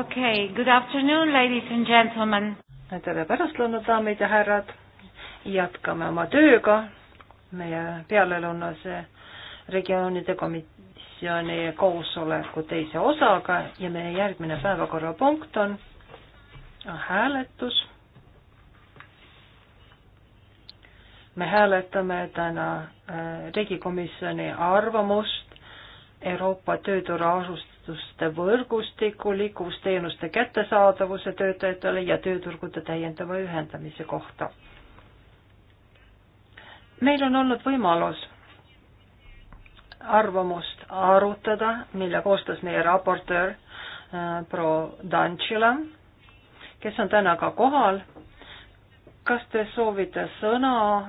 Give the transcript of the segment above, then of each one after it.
okei okay,, good afternoon, ladies and gentlemen. tere pärastlõunat, daamid ja härrad. jätkame oma tööga meie pealelõunase regioonide komisjoni koosoleku teise osaga ja meie järgmine päevakorrapunkt on hääletus. me hääletame täna äh, riigikomisjoni arvamust Euroopa tööturu asust vabaühenduste võrgustiku, liikuvusteenuste kättesaadavuse töötajatele ja tööturgude täiendava ühendamise kohta. meil on olnud võimalus arvamust arutada, mille koostas meie raportöör äh, proua Dantšila, kes on täna ka kohal. kas te soovite sõna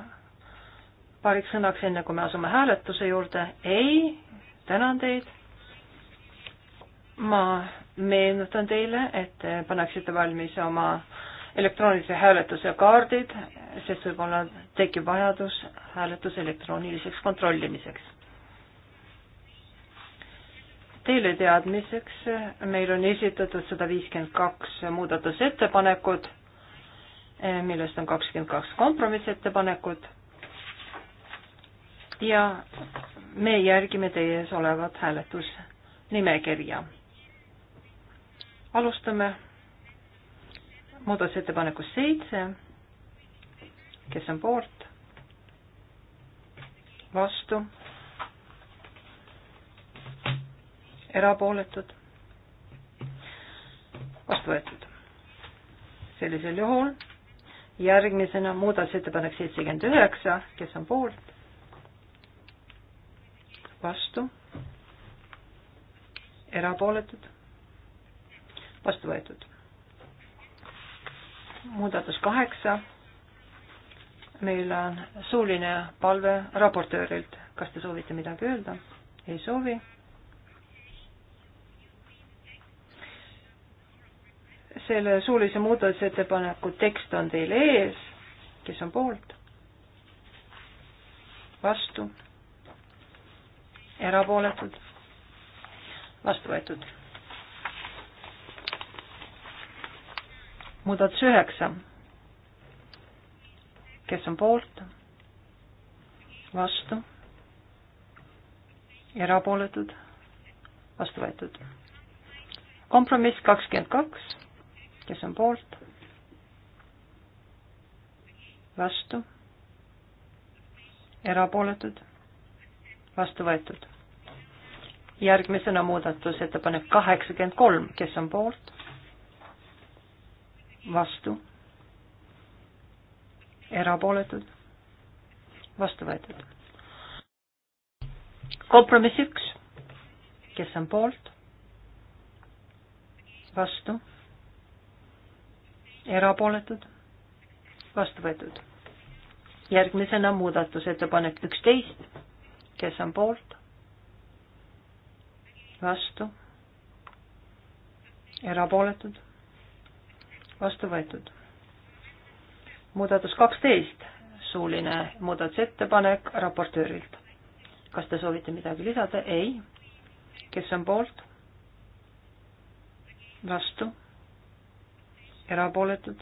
paariks sõnaks, enne kui me asume hääletuse juurde? ei, tänan teid ma meenutan teile, et paneksite valmis oma elektroonilise hääletuse kaardid, sest võib-olla tekib vajadus hääletuse elektrooniliseks kontrollimiseks. Teile teadmiseks, meil on esitatud sada viiskümmend kaks muudatusettepanekut, millest on kakskümmend kaks kompromissettepanekut ja me järgime teie ees olevat hääletusnimekirja alustame muudatusettepanekust seitse, kes on poolt, vastu, erapooletud, vastu võetud. sellisel juhul järgmisena muudatusettepanek seitsekümmend üheksa, kes on poolt, vastu, erapooletud vastu võetud. muudatus kaheksa. meil on suuline palve raportöörilt. kas te soovite midagi öelda? ei soovi. selle suulise muudatusettepaneku tekst on teil ees, kes on poolt, vastu, erapooletud, vastu võetud muudatus üheksa. kes on poolt? vastu? erapooletud? vastu võetud. kompromiss kakskümmend kaks, kes on poolt? vastu? erapooletud? vastu võetud. järgmisena muudatusettepanek kaheksakümmend kolm, kes on poolt? vastu, erapooletud, vastu võetud. kompromiss üks, kes on poolt, vastu, erapooletud, vastu võetud. järgmisena muudatusettepanek üksteist, kes on poolt, vastu, erapooletud vastu võetud. muudatus kaksteist, suuline muudatusettepanek raportöörilt. kas te soovite midagi lisada? ei. kes on poolt? vastu? erapooletud?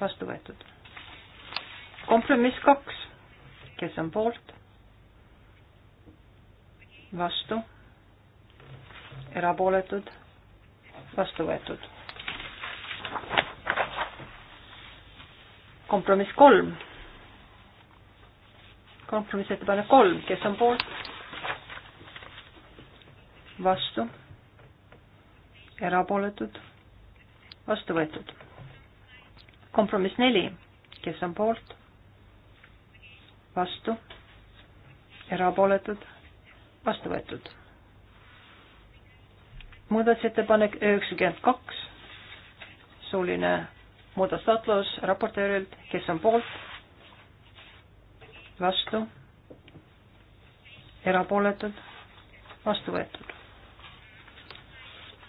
vastu võetud. kompromiss kaks, kes on poolt? vastu? erapooletud? vastu võetud kompromiss kolm. kompromissettepanek kolm, kes on poolt? vastu? erapooletud? vastu võetud. kompromiss neli, kes on poolt? vastu? erapooletud? vastu võetud. muudatusettepanek üheksakümmend kaks, suuline muudatustatlus raportöörilt, kes on poolt, vastu, erapooletud, vastu võetud.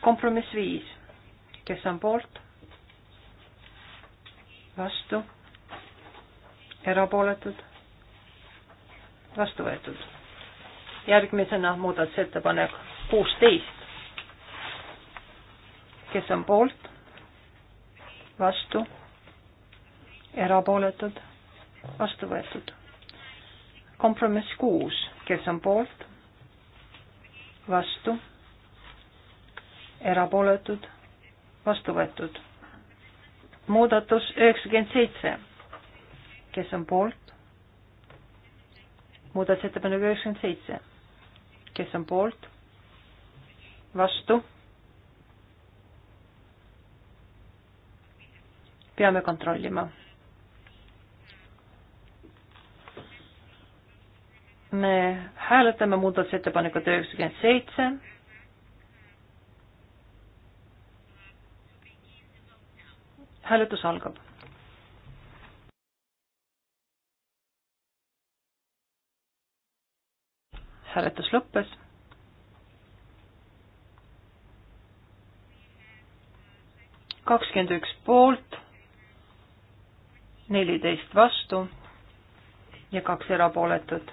kompromiss viis, kes on poolt, vastu, erapooletud, vastu võetud. järgmisena muudatusettepanek kuusteist, kes on poolt vastu, erapooletud, vastu võetud. kompromiss kuus, kes on poolt, vastu, erapooletud, vastu võetud. muudatus üheksakümmend seitse, kes on poolt, muudatusettepanek üheksakümmend seitse, kes on poolt, vastu peame kontrollima. me hääletame muudatusettepanekut üheksakümmend seitse. hääletus algab hääletus lõppes. kakskümmend üks poolt, neliteist vastu ja kaks erapooletut.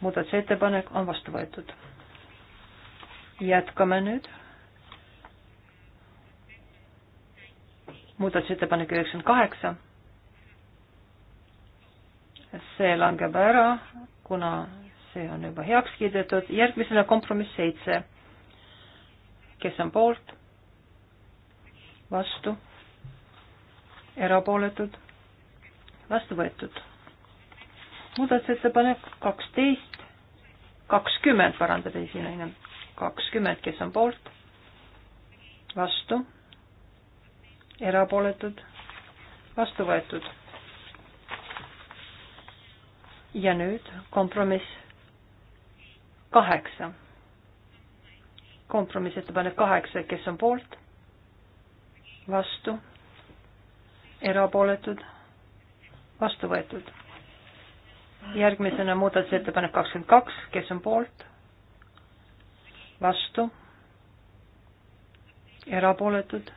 muudatusettepanek on vastu võetud. jätkame nüüd. muudatusettepanek üheksakümmend kaheksa. see langeb ära, kuna see on juba heaks kiidetud. järgmisena kompromiss seitse. kes on poolt? vastu erapooletud, vastu võetud. muudatusettepanek kaksteist, kakskümmend parandab esinaine, kakskümmend, kes on poolt, vastu, erapooletud, vastu võetud. ja nüüd kompromiss kaheksa. kompromissettepanek kaheksa, kes on poolt, vastu erapooletud, vastu võetud. järgmisena muudatusettepanek kakskümmend kaks, kes on poolt, vastu, erapooletud,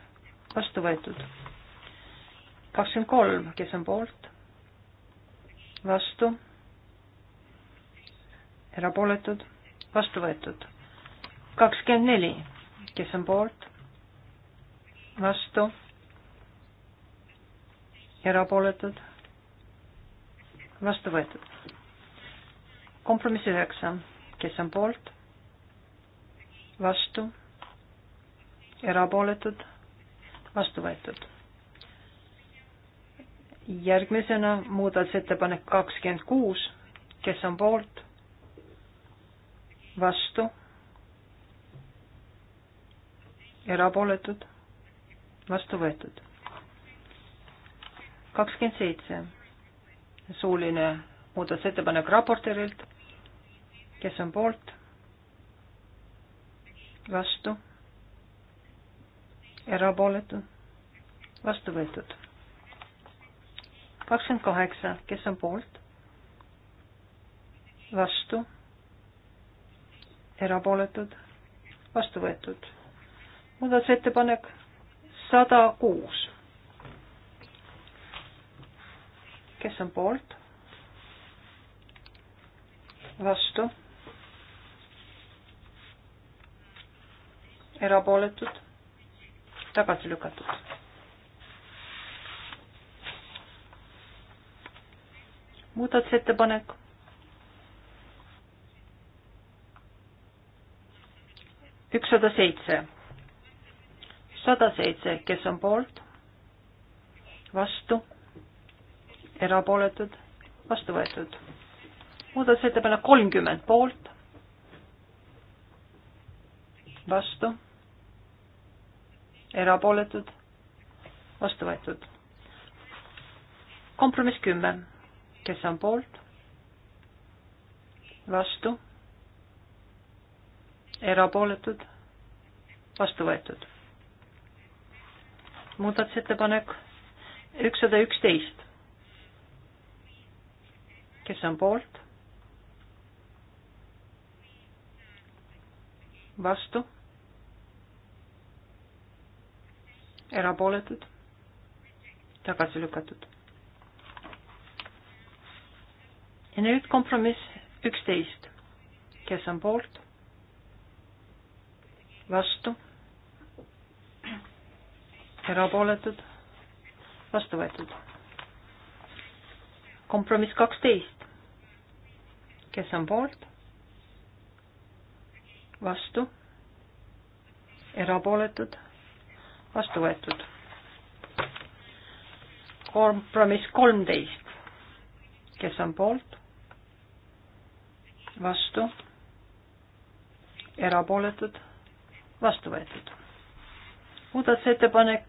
vastu võetud. kakskümmend kolm, kes on poolt, vastu, erapooletud, vastu võetud. kakskümmend neli, kes on poolt, vastu erapooletud, vastu võetud. kompromiss üheksa, kes on poolt, vastu, erapooletud, vastu võetud. järgmisena muudatusettepanek kakskümmend kuus, kes on poolt, vastu, erapooletud, vastu võetud kakskümmend seitse, suuline muudatusettepanek raportöörilt, kes on poolt, vastu, erapooletu, vastu võetud. kakskümmend kaheksa, kes on poolt, vastu, erapooletud, vastu võetud. muudatusettepanek sada kuus kes on poolt? vastu? erapooletud? tagasi lükatud? muudatusettepanek ükssada seitse, sada seitse, kes on poolt, vastu erapooletud, vastu võetud. muudatusettepanek kolmkümmend poolt, vastu, erapooletud, vastu võetud. kompromiss kümme, kes on poolt, vastu, erapooletud, vastu võetud. muudatusettepanek ükssada üksteist kes on poolt? vastu? erapooletud? tagasi lükatud? ja nüüd kompromiss üksteist, kes on poolt? vastu? erapooletud? vastu võetud kompromiss kaksteist, kes on poolt, vastu, erapooletud, vastu võetud. kompromiss kolmteist, kes on poolt, vastu, erapooletud, vastu võetud. muudatusettepanek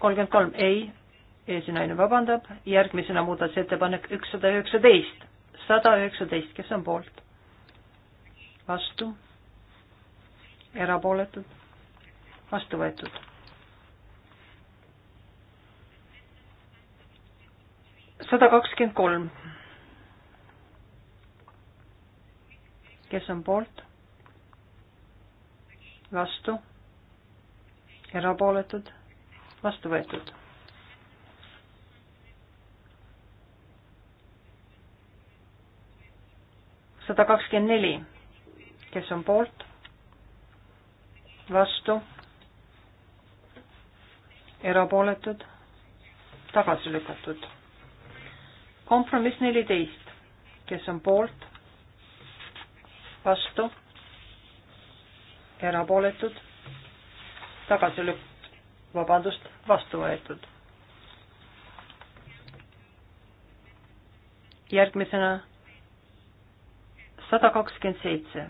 kolmkümmend kolm, ei esinaine vabandab, järgmisena muudatusettepanek ükssada üheksateist, sada üheksateist, kes on poolt? vastu, erapooletud, vastu võetud. sada kakskümmend kolm. kes on poolt? vastu, erapooletud, vastu võetud sada kakskümmend neli, kes on poolt, vastu, erapooletud, tagasi lükatud. kompromiss neliteist, kes on poolt, vastu, erapooletud, tagasi lük-, vabandust, vastu võetud. järgmisena sada kakskümmend seitse,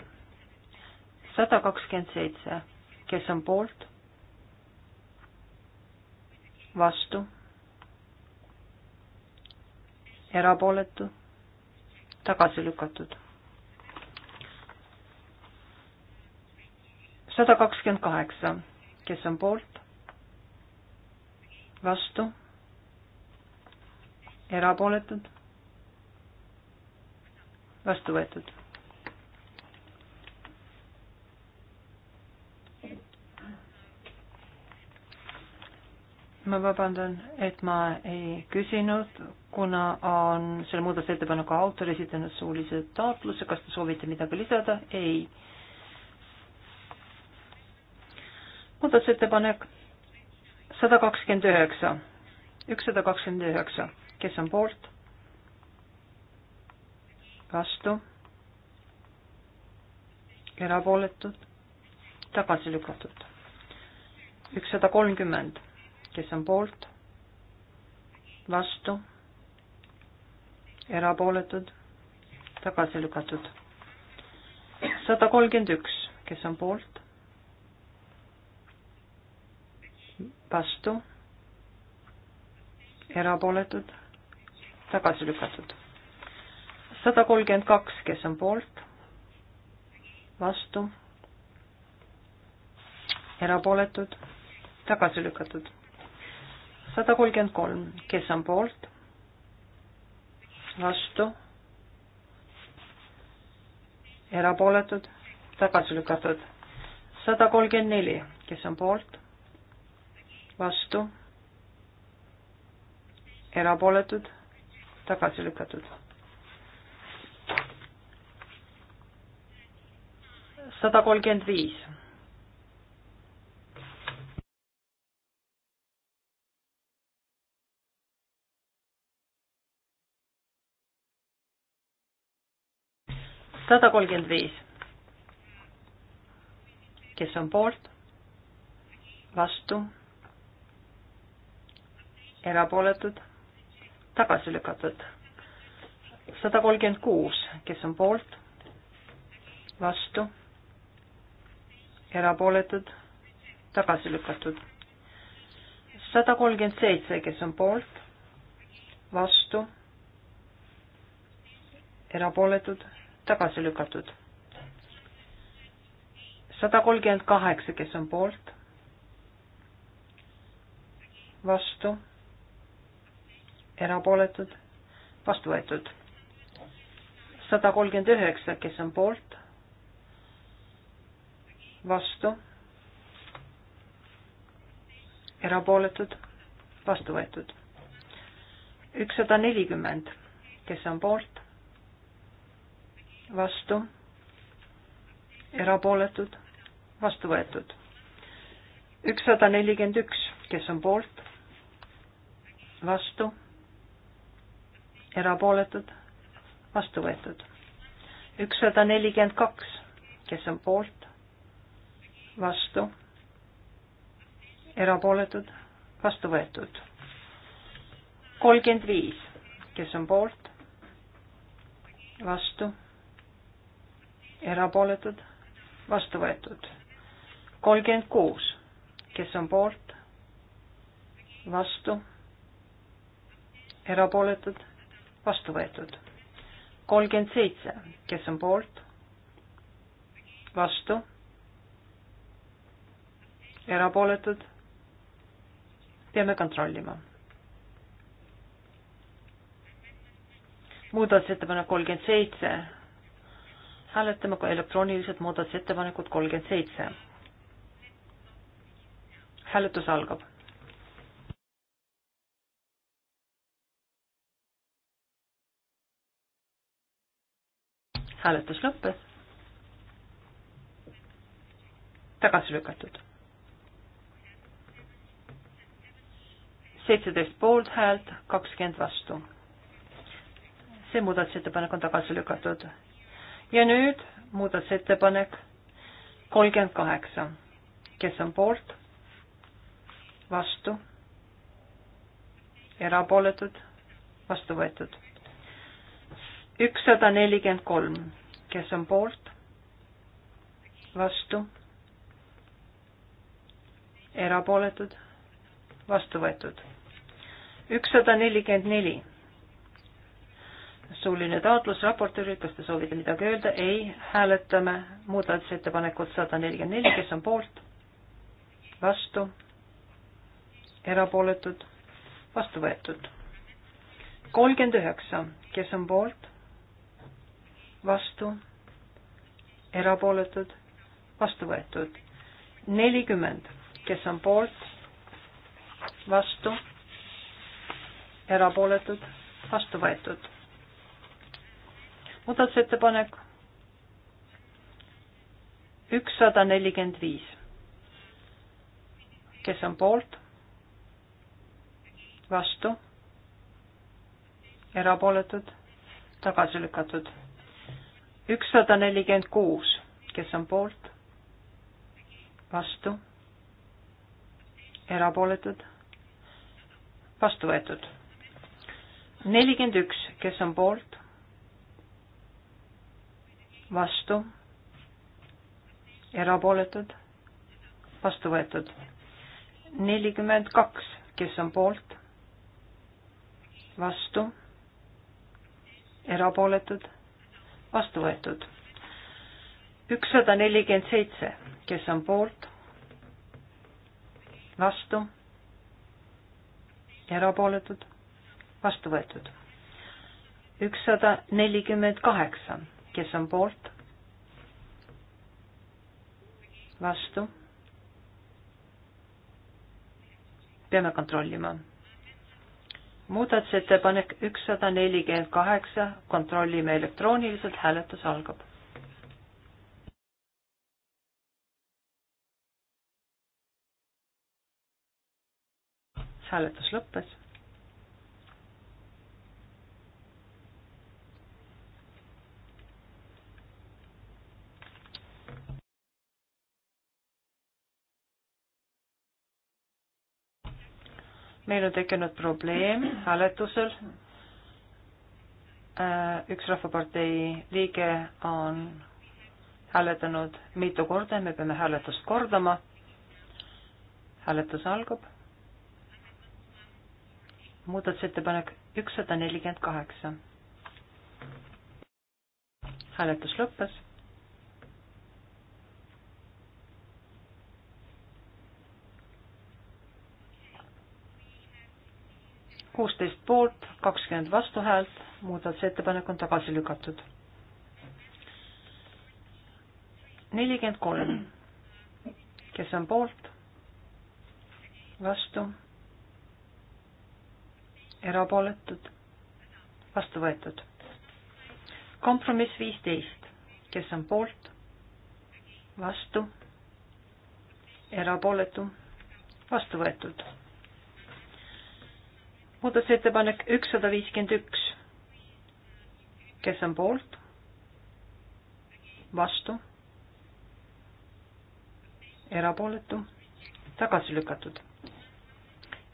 sada kakskümmend seitse, kes on poolt, vastu, erapooletu, tagasi lükatud. sada kakskümmend kaheksa, kes on poolt, vastu, erapooletud, vastu võetud ma vabandan, et ma ei küsinud, kuna on selle muudatusettepaneku autor esitanud suulise taotluse, kas te soovite midagi lisada? ei. muudatusettepanek sada kakskümmend üheksa, ükssada kakskümmend üheksa, kes on poolt? vastu? erapooletud? tagasi lükatud? ükssada kolmkümmend kes on poolt, vastu, erapooletud, tagasi lükatud. sada kolmkümmend üks, kes on poolt, vastu, erapooletud, tagasi lükatud. sada kolmkümmend kaks, kes on poolt, vastu, erapooletud, tagasi lükatud sada kolmkümmend kolm, kes on poolt? vastu? erapooletud? tagasi lükatud? sada kolmkümmend neli, kes on poolt? vastu? erapooletud? tagasi lükatud? sada kolmkümmend viis sada kolmkümmend viis. kes on poolt? vastu? erapooletud? tagasi lükatud? sada kolmkümmend kuus, kes on poolt? vastu? erapooletud? tagasi lükatud? sada kolmkümmend seitse, kes on poolt? vastu? erapooletud? tagasi lükatud. sada kolmkümmend kaheksa, kes on poolt, vastu, erapooletud, vastu võetud. sada kolmkümmend üheksa, kes on poolt, vastu, erapooletud, vastu võetud. ükssada nelikümmend, kes on poolt, vastu, erapooletud, vastu võetud. ükssada nelikümmend üks, kes on poolt, vastu, erapooletud, vastu võetud. ükssada nelikümmend kaks, kes on poolt, vastu, erapooletud, vastu võetud. kolmkümmend viis, kes on poolt, vastu erapooletud, vastu võetud. kolmkümmend kuus, kes on poolt, vastu, erapooletud, vastu võetud. kolmkümmend seitse, kes on poolt, vastu, erapooletud, peame kontrollima muudatusettepanek kolmkümmend seitse hääletame ka elektrooniliselt muudatusettepanekut kolmkümmend seitse. hääletus algab. hääletus lõppes. tagasi lükatud. seitseteist poolthäält, kakskümmend vastu. see muudatusettepanek on tagasi lükatud ja nüüd muudatusettepanek kolmkümmend kaheksa, kes on poolt, vastu, erapooletud, vastu võetud. ükssada nelikümmend kolm, kes on poolt, vastu, erapooletud, vastu võetud. ükssada nelikümmend neli suuline taotlus raportööril, kas te soovite midagi öelda? ei, hääletame muudatusettepanekut sada nelikümmend neli, kes on poolt, vastu, erapooletud, vastu võetud. kolmkümmend üheksa, kes on poolt, vastu, erapooletud, vastu võetud. nelikümmend, kes on poolt, vastu, erapooletud, vastu võetud muudatusettepanek ükssada nelikümmend viis. kes on poolt? vastu? erapooletud? tagasi lükatud? ükssada nelikümmend kuus, kes on poolt? vastu? erapooletud? vastu võetud. nelikümmend üks, kes on poolt? vastu, erapooletud, vastu võetud. nelikümmend kaks, kes on poolt, vastu, erapooletud, vastu võetud. ükssada nelikümmend seitse, kes on poolt, vastu, erapooletud, vastu võetud. ükssada nelikümmend kaheksa kes on poolt? vastu? peame kontrollima. muudatusettepanek ükssada nelikümmend kaheksa, kontrollime elektrooniliselt, hääletus algab. hääletus lõppes meil on tekkinud probleem hääletusel. Äh, üks Rahvapartei liige on hääletanud mitu korda ja me peame hääletust kordama. hääletus algab. muudatusettepanek ükssada nelikümmend kaheksa. hääletus lõppes kuusteist poolt, kakskümmend vastuhäält, muudatusettepanek on tagasi lükatud. nelikümmend kolm, kes on poolt, vastu, erapooletud, vastu võetud. kompromiss viisteist, kes on poolt, vastu, erapooletu, vastu võetud muudatusettepanek ükssada viiskümmend üks, kes on poolt, vastu, erapooletu, tagasi lükatud.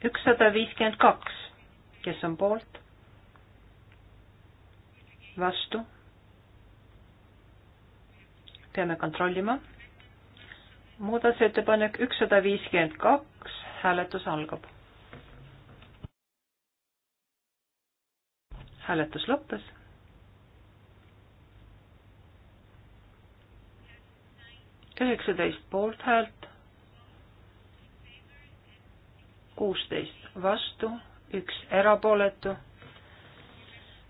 ükssada viiskümmend kaks, kes on poolt, vastu, peame kontrollima muudatusettepanek ükssada viiskümmend kaks, hääletus algab hääletus lõppes. üheksateist poolthäält, kuusteist vastu, üks erapooletu.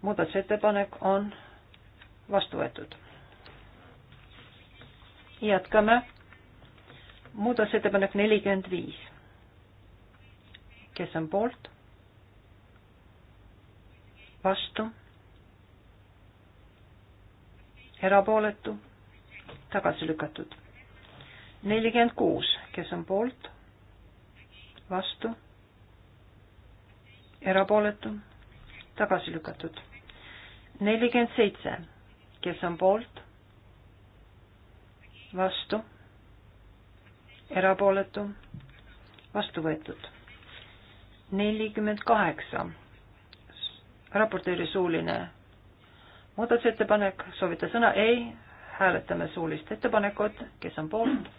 muudatusettepanek on vastu võetud. jätkame. muudatusettepanek nelikümmend viis. kes on poolt? vastu, erapooletu, tagasi lükatud. nelikümmend kuus, kes on poolt, vastu, erapooletu, tagasi lükatud. nelikümmend seitse, kes on poolt, vastu, erapooletu, vastu võetud. nelikümmend kaheksa raportööri suuline muudatusettepanek, soovite sõna? ei, hääletame suulist ettepanekut, kes on poolt?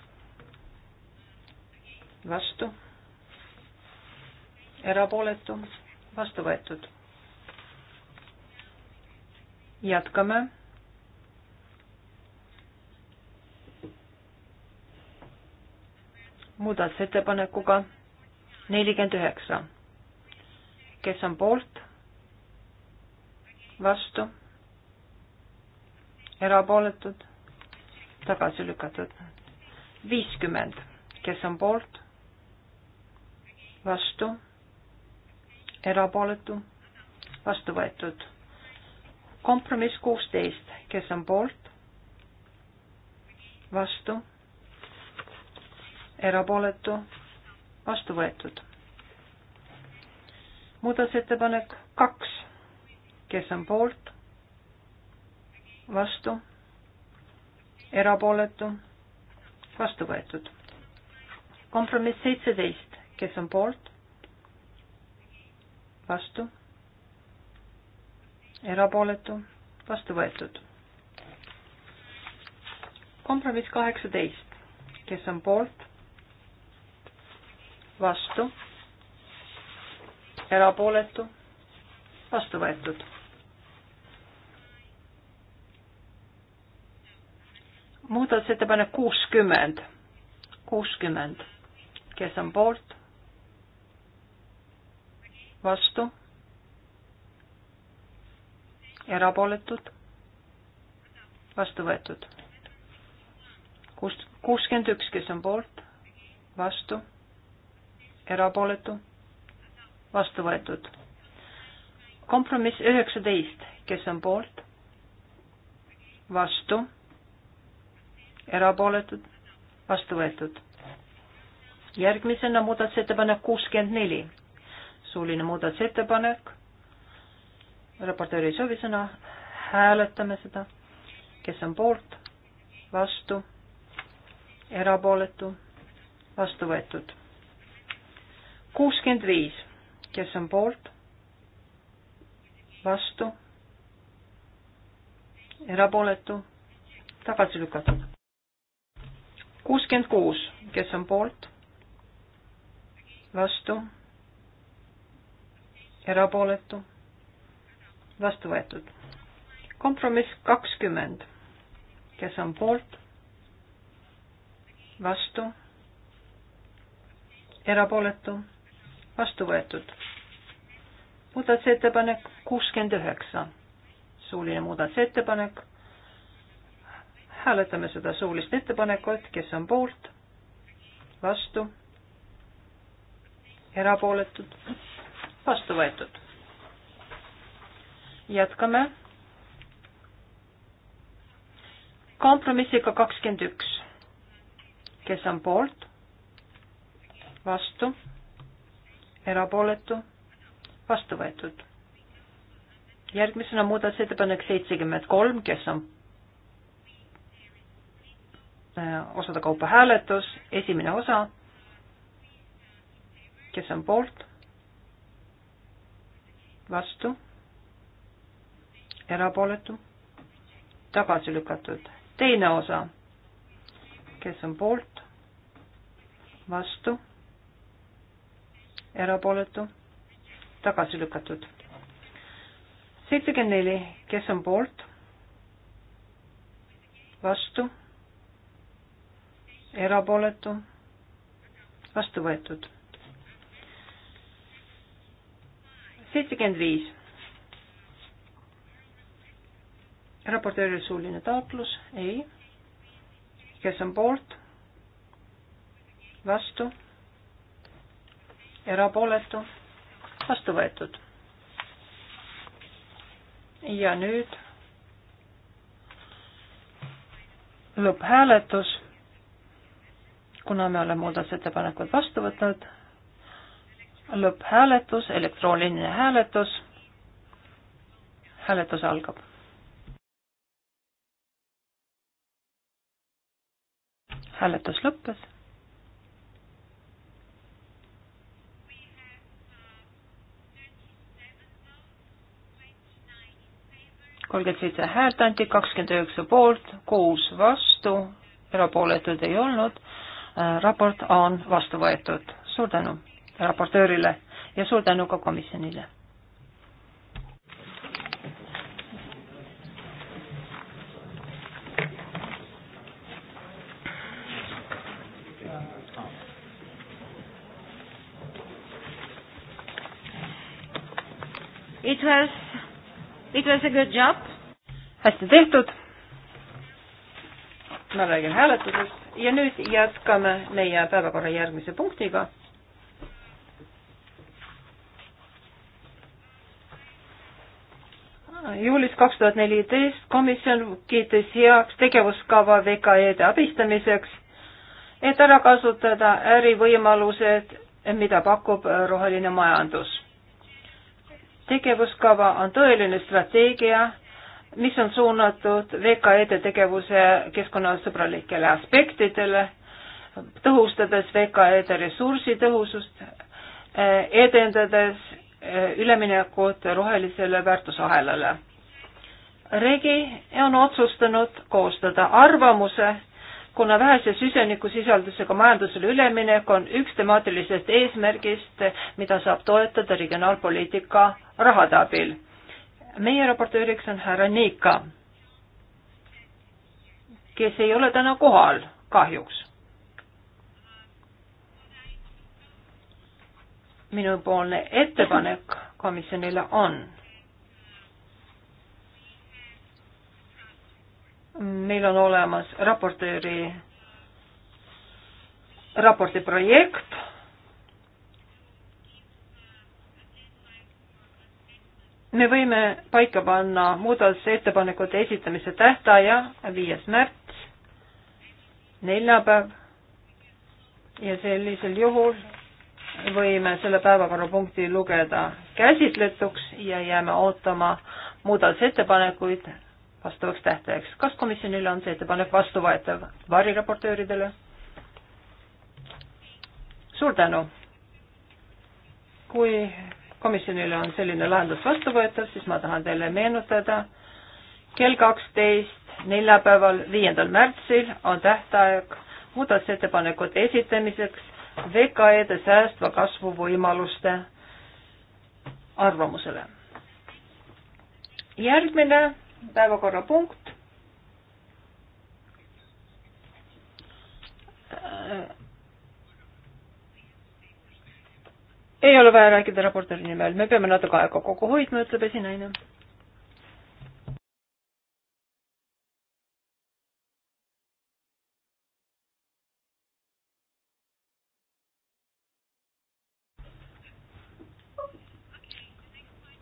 vastu? erapooletu? vastu võetud? jätkame muudatusettepanekuga nelikümmend üheksa. kes on poolt? vastu, erapooletud, tagasi lükatud. viiskümmend, kes on poolt, vastu, erapooletu, vastu võetud. kompromiss kuusteist, kes on poolt, vastu, erapooletu, vastu võetud. muudatusettepanek kaks, kes on poolt, vastu, erapooletu, vastu võetud. kompromiss seitseteist, kes on poolt, vastu, erapooletu, vastu võetud. kompromiss kaheksateist, kes on poolt, vastu, erapooletu, vastu võetud muudatusettepanek kuuskümmend, kuuskümmend, kes on poolt? vastu? erapooletud? vastu võetud. kus, kuuskümmend üks, kes on poolt? vastu? erapooletu? vastu võetud. kompromiss üheksateist, kes on poolt? vastu erapooletud, vastu võetud. järgmisena muudatusettepanek kuuskümmend neli, suuline muudatusettepanek, raportööri ei soovi sõna, hääletame seda, kes on poolt, vastu, erapooletu, vastu võetud. kuuskümmend viis, kes on poolt, vastu, erapooletu, tagasi lükatud kuuskümmend kuus, kes on poolt, vastu, erapooletu, vastu võetud. kompromiss kakskümmend, kes on poolt, vastu, erapooletu, vastu võetud. muudatusettepanek kuuskümmend üheksa, suuline muudatusettepanek hääletame seda suulist ettepanekut, kes on poolt, vastu, erapooletud, vastu võetud. jätkame. kompromissiga kakskümmend üks, kes on poolt, vastu, erapooletu, vastu võetud. järgmisena muudatusettepanek seitsekümmend kolm, kes on osade kaupa hääletus, esimene osa, kes on poolt, vastu, erapooletu, tagasi lükatud, teine osa, kes on poolt, vastu, erapooletu, tagasi lükatud. seitsekümmend neli, kes on poolt, vastu erapooletu, vastu võetud. seitsekümmend viis. raportööri suuline taotlus, ei. kes on poolt? vastu? erapooletu? vastu võetud. ja nüüd lõpphääletus kuna me oleme muudatusettepanekud vastu võtnud, lõpphääletus, elektrooniline hääletus. hääletus algab. hääletus lõppes. kolmkümmend seitse häält anti, kakskümmend üheksa poolt, kuus vastu, erapooletuid ei olnud Äh, raport on vastu võetud. suur tänu raportöörile ja suur tänu ka komisjonile. It was, it was a good job. hästi tehtud. ma räägin hääletusest ja nüüd jätkame meie päevakorra järgmise punktiga. Ah, juulis kaks tuhat neliteist komisjon kiitis heaks tegevuskava VKE-de abistamiseks, et ära kasutada ärivõimalused, mida pakub roheline majandus. tegevuskava on tõeline strateegia mis on suunatud VKE-de tegevuse keskkonnasõbralikele aspektidele, tõhustades VKE-de ressursitõhusust, eh, edendades eh, üleminekut rohelisele väärtusahelale. regi on otsustanud koostada arvamuse, kuna vähese süsinikusisaldusega majandusele üleminek on üks temaatilisest eesmärgist, mida saab toetada regionaalpoliitika rahade abil meie raportööriks on härra Niika, kes ei ole täna kohal kahjuks. minupoolne ettepanek komisjonile on meil on olemas raportööri, raporti projekt me võime paika panna muudatusettepanekute esitamise tähtaja, viies märts, neljapäev ja sellisel juhul võime selle päevakorrapunkti lugeda käsitletuks ja jääme ootama muudatusettepanekuid vastavaks tähtajaks. kas komisjonile on see ettepanek vastuvõetav variraportööridele? suur tänu! kui komisjonile on selline lahendus vastuvõetav, siis ma tahan teile meenutada, kell kaksteist neljapäeval, viiendal märtsil on tähtaeg muudatusettepanekute esitamiseks VKE-de säästva kasvu võimaluste arvamusele. järgmine päevakorrapunkt ei ole vaja rääkida raportööri nimel, me peame natuke aega kokku hoidma, ütleb esinaine.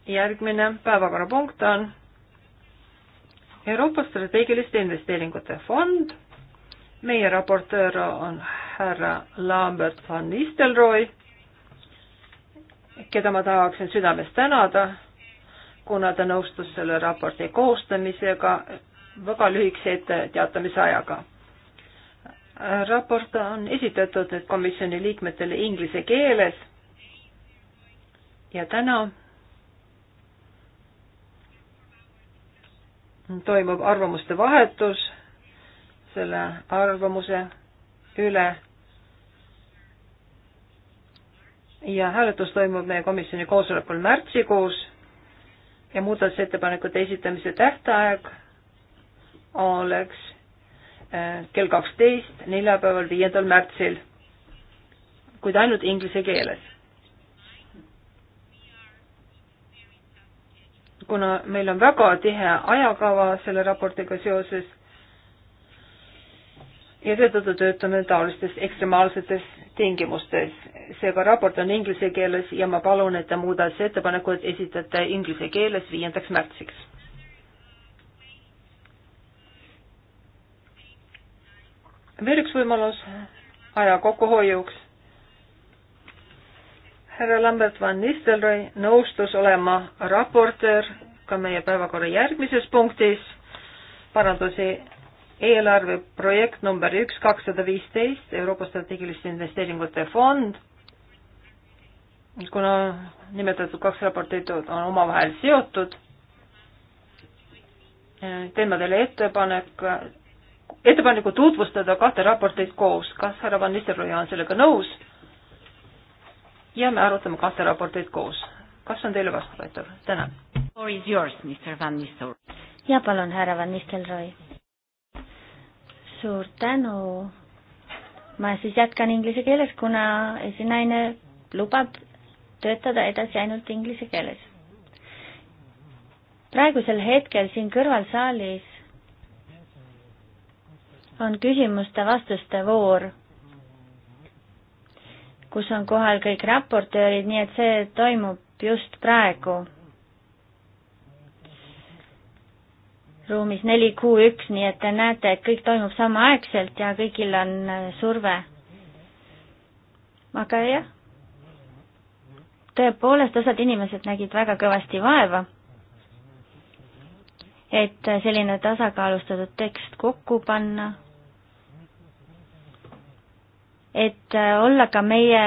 järgmine päevakorrapunkt on Euroopa strateegiliste investeeringute fond. meie raportöör on härra Lambert van Nistelrooy keda ma tahaksin südames tänada, kuna ta nõustus selle raporti koostamisega väga lühikese etteteatamise ajaga. raport on esitatud nüüd komisjoni liikmetele inglise keeles ja täna toimub arvamuste vahetus selle arvamuse üle ja hääletus toimub meie komisjoni koosolekul märtsikuus ja muudatusettepanekute esitamise tähtaeg oleks äh, kell kaksteist neljapäeval, viiendal märtsil, kuid ainult inglise keeles. kuna meil on väga tihe ajakava selle raportiga seoses ja seetõttu töötame taolistes ekstremaalsetes tingimustes. seega raport on inglise keeles ja ma palun, et te muudatusettepanekud esitate inglise keeles viiendaks märtsiks. veel üks võimalus aja kokkuhoiuks. härra Lambert van Nistelrooy nõustus olema raportöör ka meie päevakorra järgmises punktis, paranduse eelarveprojekt number üks, kakssada viisteist, Euroopa strateegiliste investeeringute fond, kuna nimetatud kaks raportit on omavahel seotud, teen ma teile ettepanek, ettepaneku tutvustada kahte raportit koos, kas härra Van Nistelrooy on sellega nõus? ja me arutame kahte raportit koos. kas on teile vastuvõetav? tänan. ja palun, härra Van Nistelrooy suur tänu. ma siis jätkan inglise keeles, kuna esinaine lubab töötada edasi ainult inglise keeles. praegusel hetkel siin kõrval saalis on küsimuste-vastuste voor, kus on kohal kõik raportöörid, nii et see toimub just praegu ruumis neli kuu üks, nii et te näete, et kõik toimub samaaegselt ja kõigil on äh, surve. aga jah, tõepoolest osad inimesed nägid väga kõvasti vaeva, et äh, selline tasakaalustatud tekst kokku panna, et äh, olla ka meie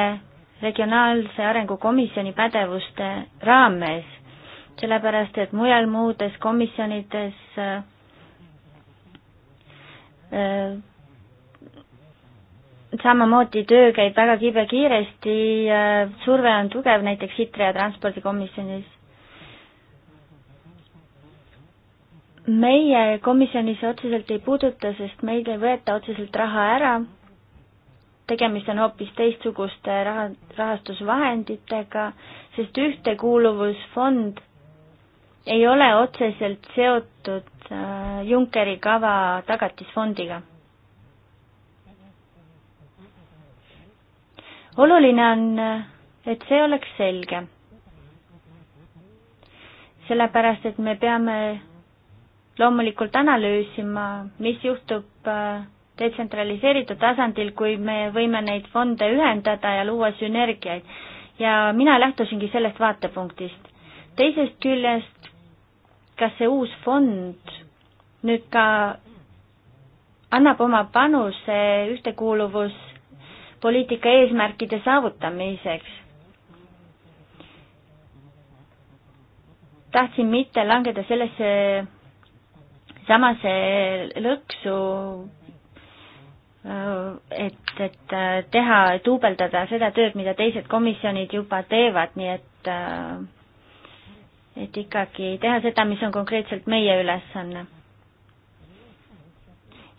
regionaalse arengukomisjoni pädevuste raames sellepärast et mujal muudes komisjonides äh, äh, samamoodi töö käib väga kibe kiiresti, surve on tugev näiteks ITRE ja transpordikomisjonis. meie komisjonis otseselt ei puuduta, sest meil ei võeta otseselt raha ära, tegemist on hoopis teistsuguste raha, rahastusvahenditega, sest ühtekuuluvusfond ei ole otseselt seotud äh, Junckeri kava tagatisfondiga. oluline on, äh, et see oleks selge. sellepärast, et me peame loomulikult analüüsima, mis juhtub äh, detsentraliseeritud tasandil, kui me võime neid fonde ühendada ja luua sünergiaid. ja mina lähtusingi sellest vaatepunktist. teisest küljest kas see uus fond nüüd ka annab oma panuse ühtekuuluvuspoliitika eesmärkide saavutamiseks? tahtsin mitte langeda sellesse samasse lõksu, et, et teha, duubeldada seda tööd, mida teised komisjonid juba teevad, nii et äh, et ikkagi teha seda, mis on konkreetselt meie ülesanne.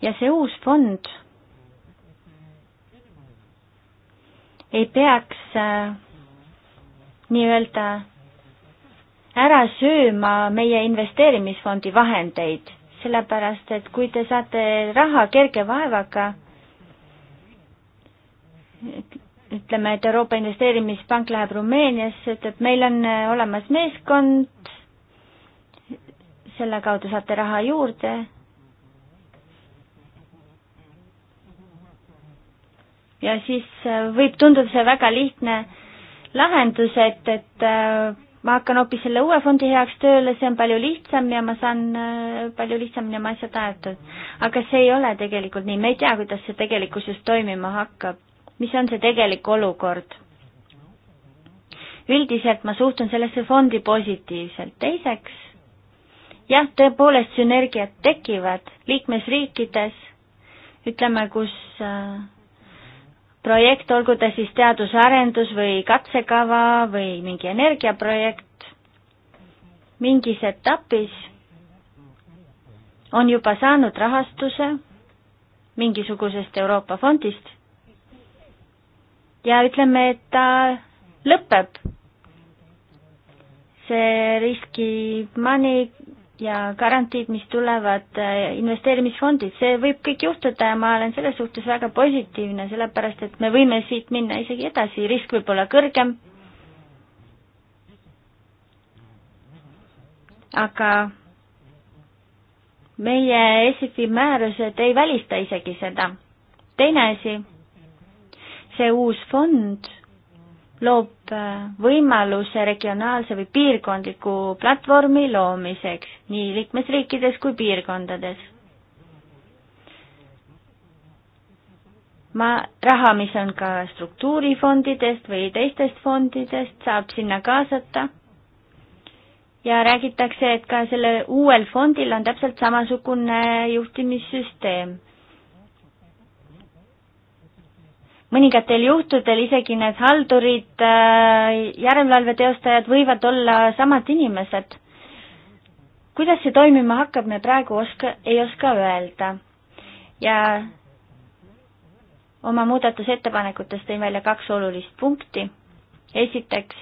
ja see uus fond ei peaks äh, nii-öelda ära sööma meie investeerimisfondi vahendeid, sellepärast et kui te saate raha kerge vaevaga, ütleme, et Euroopa Investeerimispank läheb Rumeeniasse, ütleb, meil on äh, olemas meeskond, selle kaudu saate raha juurde ja siis äh, võib tunduda see väga lihtne lahendus, et, et äh, ma hakkan hoopis selle uue fondi heaks tööle, see on palju lihtsam ja ma saan palju lihtsamini oma asjad aetud. aga see ei ole tegelikult nii, me ei tea, kuidas see tegelikkuses toimima hakkab mis on see tegelik olukord. üldiselt ma suhtun sellesse fondi positiivselt, teiseks jah, tõepoolest sünergiad tekivad liikmesriikides, ütleme, kus äh, projekt, olgu ta siis teadusarendus või katsekava või mingi energiaprojekt, mingis etapis on juba saanud rahastuse mingisugusest Euroopa fondist ja ütleme, et ta lõpeb. see riski money ja garantiid, mis tulevad äh, investeerimisfondid, see võib kõik juhtuda ja ma olen selles suhtes väga positiivne, sellepärast et me võime siit minna isegi edasi, risk võib olla kõrgem. aga meie SEB määrused ei välista isegi seda. teine asi see uus fond loob äh, võimaluse regionaalse või piirkondliku platvormi loomiseks nii liikmesriikides kui piirkondades. ma, raha, mis on ka struktuurifondidest või teistest fondidest, saab sinna kaasata ja räägitakse, et ka sellel uuel fondil on täpselt samasugune juhtimissüsteem mõningatel juhtudel isegi need haldurid, äh, järelevalve teostajad võivad olla samad inimesed. kuidas see toimima hakkab, me praegu oska, ei oska öelda. ja oma muudatusettepanekutes tõin välja kaks olulist punkti. esiteks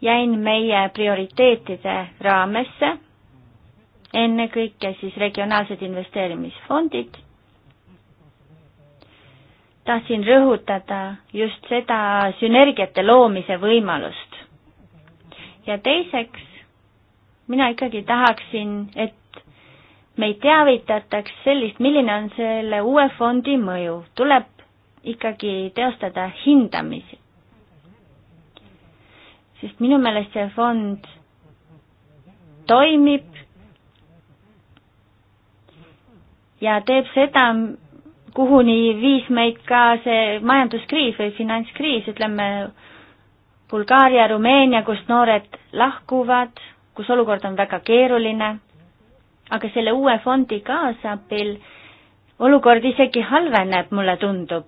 jäin meie prioriteetide raamesse, ennekõike siis regionaalsed investeerimisfondid tahtsin rõhutada just seda sünergiate loomise võimalust. ja teiseks, mina ikkagi tahaksin, et meid teavitataks sellist, milline on selle uue fondi mõju, tuleb ikkagi teostada hindamisi. sest minu meelest see fond toimib ja teeb seda, kuhuni viis meid ka see majanduskriis või finantskriis, ütleme Bulgaaria, Rumeenia, kust noored lahkuvad, kus olukord on väga keeruline, aga selle uue fondi kaasabil olukord isegi halveneb, mulle tundub.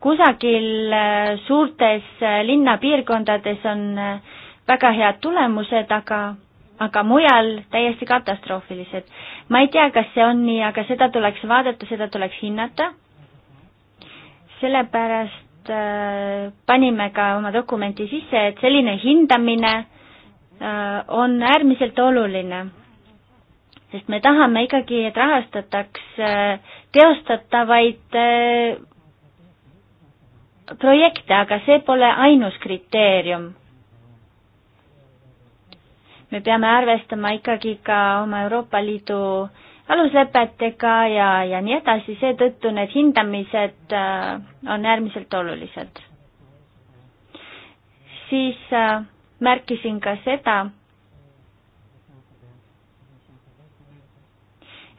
kusagil äh, suurtes äh, linnapiirkondades on äh, väga head tulemused, aga, aga mujal täiesti katastroofilised ma ei tea, kas see on nii, aga seda tuleks vaadata, seda tuleks hinnata. sellepärast äh, panime ka oma dokumenti sisse, et selline hindamine äh, on äärmiselt oluline. sest me tahame ikkagi, et rahastataks äh, teostatavaid äh, projekte, aga see pole ainus kriteerium me peame arvestama ikkagi ka oma Euroopa Liidu aluslepetega ja, ja nii edasi, seetõttu need hindamised äh, on äärmiselt olulised. siis äh, märkisin ka seda,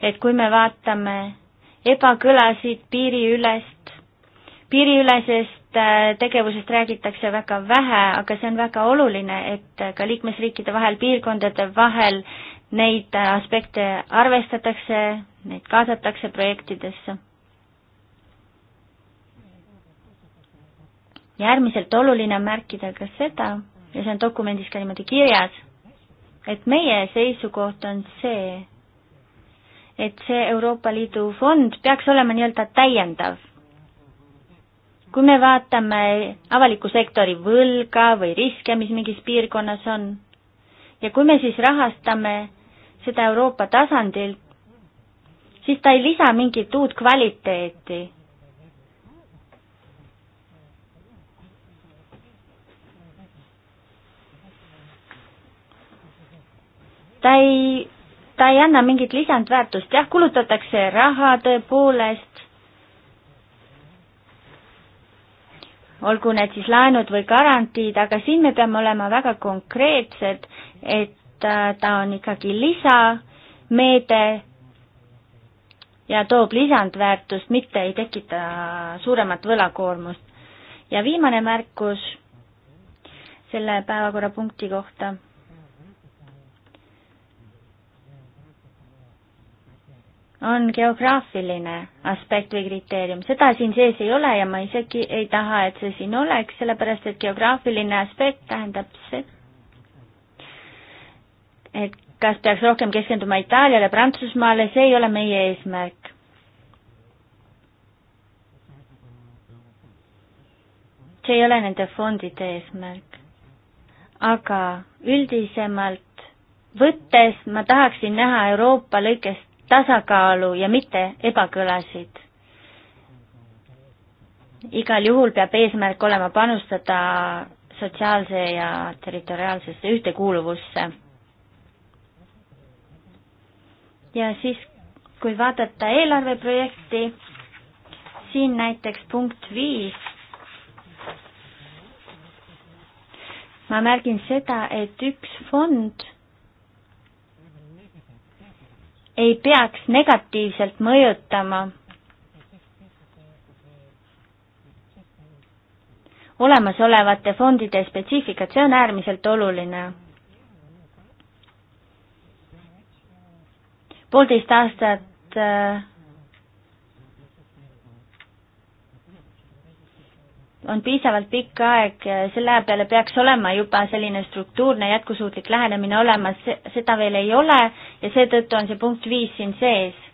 et kui me vaatame ebakõlasid piiriülest, piiriülesest Äh, tegevusest räägitakse väga vähe, aga see on väga oluline, et ka liikmesriikide vahel, piirkondade vahel neid äh, aspekte arvestatakse, neid kaasatakse projektidesse. ja äärmiselt oluline on märkida ka seda, ja see on dokumendis ka niimoodi kirjas, et meie seisukoht on see, et see Euroopa Liidu fond peaks olema nii-öelda täiendav kui me vaatame avaliku sektori võlga või riske, mis mingis piirkonnas on, ja kui me siis rahastame seda Euroopa tasandilt, siis ta ei lisa mingit uut kvaliteeti. ta ei, ta ei anna mingit lisandväärtust, jah, kulutatakse raha tõepoolest, olgu need siis laenud või garantiid, aga siin me peame olema väga konkreetsed, et äh, ta on ikkagi lisameede ja toob lisandväärtust, mitte ei tekita suuremat võlakoormust. ja viimane märkus selle päevakorrapunkti kohta on geograafiline aspekt või kriteerium, seda siin sees ei ole ja ma isegi ei taha, et see siin oleks, sellepärast et geograafiline aspekt tähendab see, et kas peaks rohkem keskenduma Itaaliale, Prantsusmaale, see ei ole meie eesmärk. see ei ole nende fondide eesmärk. aga üldisemalt võttes ma tahaksin näha Euroopa lõikest tasakaalu ja mitte ebakõlasid. igal juhul peab eesmärk olema panustada sotsiaalse ja territoriaalsesse ühtekuuluvusse. ja siis, kui vaadata eelarveprojekti, siin näiteks punkt viis, ma märgin seda, et üks fond ei peaks negatiivselt mõjutama olemasolevate fondide spetsiifikat, see on äärmiselt oluline. poolteist aastat äh, on piisavalt pikk aeg, selle aja peale peaks olema juba selline struktuurne jätkusuutlik lähenemine olemas, seda veel ei ole ja seetõttu on see punkt viis siin sees.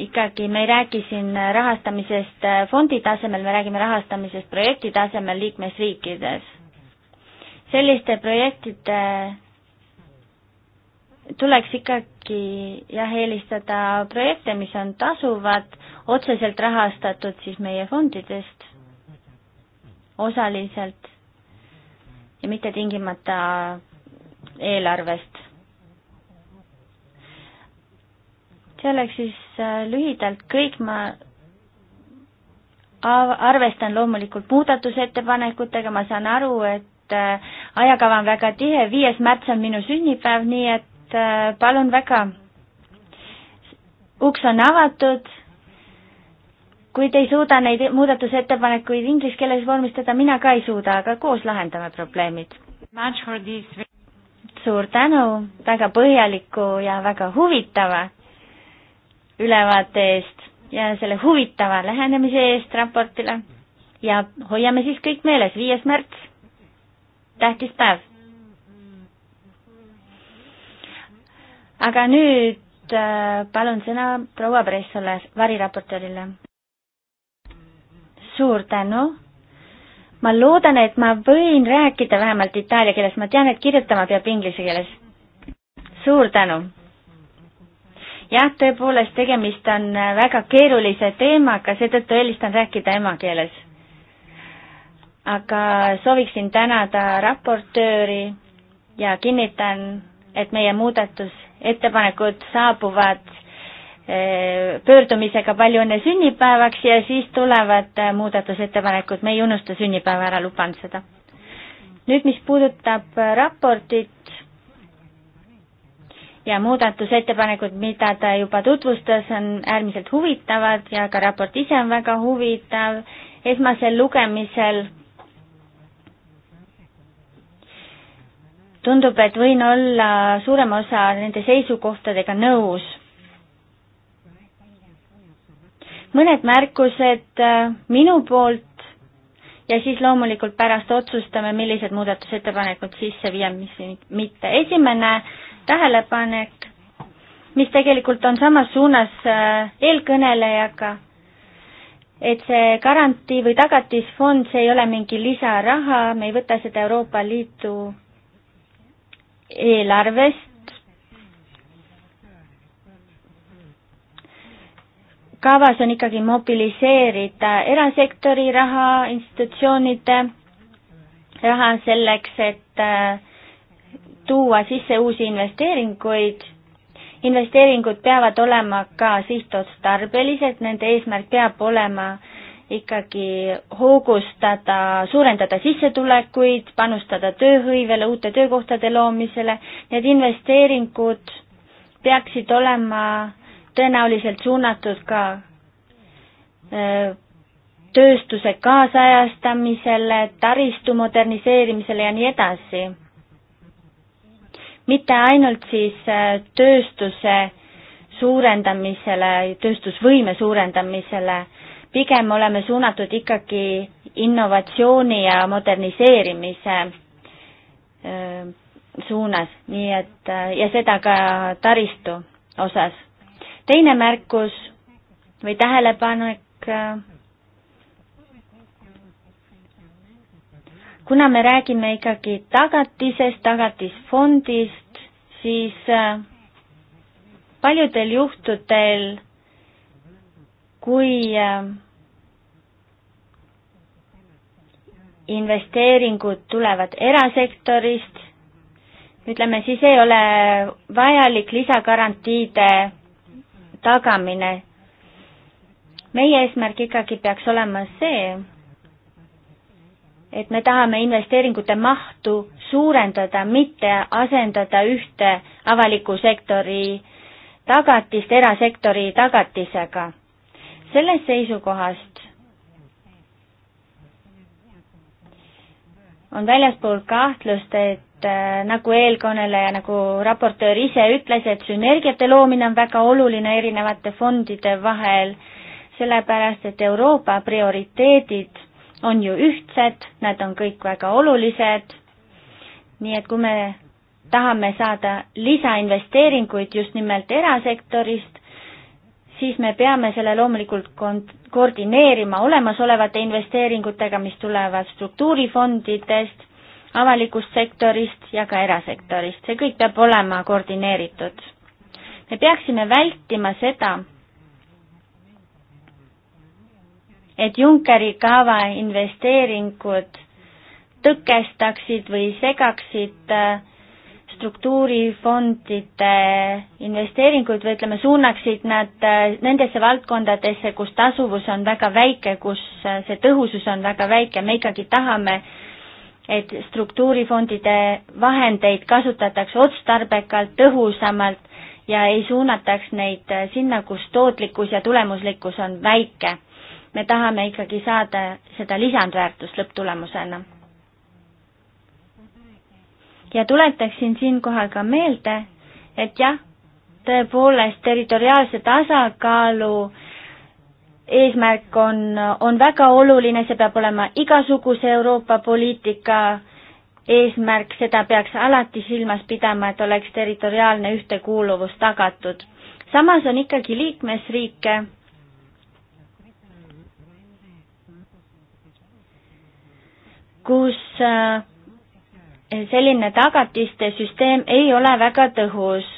ikkagi me ei räägi siin rahastamisest fondi tasemel, me räägime rahastamisest projekti tasemel liikmesriikides. selliste projektide tuleks ikkagi jah, eelistada projekte, mis on tasuvad, otseselt rahastatud siis meie fondidest osaliselt ja mitte tingimata eelarvest. see oleks siis äh, lühidalt kõik, ma arvestan loomulikult muudatusettepanekutega, ma saan aru, et äh, ajakava on väga tihe, viies märts on minu sünnipäev, nii et et äh, palun väga, uks on avatud, kui te ei suuda neid muudatusettepanekuid inglise keeles vormistada, mina ka ei suuda, aga koos lahendame probleemid. suur tänu väga põhjaliku ja väga huvitava ülevaate eest ja selle huvitava lähenemise eest raportile ja hoiame siis kõik meeles, viies märts, tähtis päev aga nüüd äh, palun sõna proua Pressole, variraportöörile. suur tänu ma loodan, et ma võin rääkida vähemalt itaalia keeles, ma tean, et kirjutama peab inglise keeles. suur tänu! jah, tõepoolest, tegemist on äh, väga keerulise teemaga, seetõttu eelistan rääkida emakeeles. aga sooviksin tänada raportööri ja kinnitan, et meie muudatus ettepanekud saabuvad eh, pöördumisega palju õnne sünnipäevaks ja siis tulevad eh, muudatusettepanekud, me ei unusta sünnipäeva ära, luban seda. nüüd, mis puudutab eh, raportit ja muudatusettepanekud, mida ta juba tutvustas, on äärmiselt huvitavad ja ka raport ise on väga huvitav, esmasel lugemisel tundub, et võin olla suurema osa nende seisukohtadega nõus. mõned märkused äh, minu poolt ja siis loomulikult pärast otsustame, millised muudatusettepanekud sisse viia, mis mitte. esimene tähelepanek, mis tegelikult on samas suunas äh, eelkõnelejaga, et see garantii või tagatisfond, see ei ole mingi lisaraha, me ei võta seda Euroopa Liidu eelarvest kavas on ikkagi mobiliseerida erasektori raha, institutsioonide raha selleks, et äh, tuua sisse uusi investeeringuid. investeeringud peavad olema ka sihtotstarbelised, nende eesmärk peab olema ikkagi hoogustada, suurendada sissetulekuid, panustada tööhõivele, uute töökohtade loomisele, need investeeringud peaksid olema tõenäoliselt suunatud ka äh, tööstuse kaasajastamisele, taristu moderniseerimisele ja nii edasi. mitte ainult siis äh, tööstuse suurendamisele, tööstusvõime suurendamisele pigem oleme suunatud ikkagi innovatsiooni ja moderniseerimise suunas, nii et ja seda ka taristu osas. teine märkus või tähelepanek, kuna me räägime ikkagi tagatisest, tagatisfondist, siis paljudel juhtudel kui äh, investeeringud tulevad erasektorist, ütleme siis ei ole vajalik lisagarantiide tagamine. meie eesmärk ikkagi peaks olema see, et me tahame investeeringute mahtu suurendada, mitte asendada ühte avaliku sektori tagatist erasektori tagatisega sellest seisukohast on väljaspool kahtlust, et äh, nagu eelkõneleja, nagu raportöör ise ütles, et sünergiate loomine on väga oluline erinevate fondide vahel, sellepärast et Euroopa prioriteedid on ju ühtsed, nad on kõik väga olulised, nii et kui me tahame saada lisainvesteeringuid just nimelt erasektorist, siis me peame selle loomulikult koordineerima olemasolevate investeeringutega, mis tulevad struktuurifondidest, avalikust sektorist ja ka erasektorist, see kõik peab olema koordineeritud. me peaksime vältima seda, et Junckeri kava investeeringud tõkestaksid või segaksid äh, struktuurifondide investeeringuid või ütleme, suunaksid nad äh, nendesse valdkondadesse, kus tasuvus on väga väike, kus äh, see tõhusus on väga väike, me ikkagi tahame, et struktuurifondide vahendeid kasutatakse otstarbekalt, tõhusamalt ja ei suunataks neid äh, sinna, kus tootlikkus ja tulemuslikkus on väike. me tahame ikkagi saada seda lisandväärtust lõpptulemusena ja tuletaksin siinkohal ka meelde, et jah, tõepoolest territoriaalse tasakaalu eesmärk on, on väga oluline, see peab olema igasuguse Euroopa poliitika eesmärk, seda peaks alati silmas pidama, et oleks territoriaalne ühtekuuluvus tagatud. samas on ikkagi liikmesriike, kus äh, selline tagatiste süsteem ei ole väga tõhus.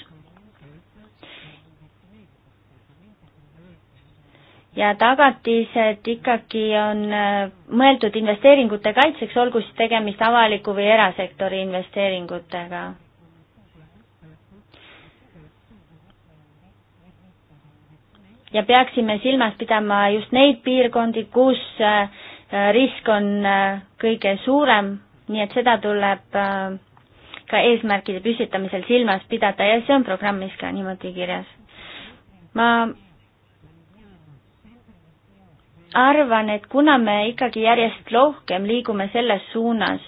ja tagatised ikkagi on äh, mõeldud investeeringute kaitseks, olgu siis tegemist avaliku või erasektori investeeringutega ja peaksime silmas pidama just neid piirkondi, kus äh, risk on äh, kõige suurem nii et seda tuleb äh, ka eesmärkide püstitamisel silmas pidada ja see on programmis ka niimoodi kirjas. ma arvan, et kuna me ikkagi järjest rohkem liigume selles suunas,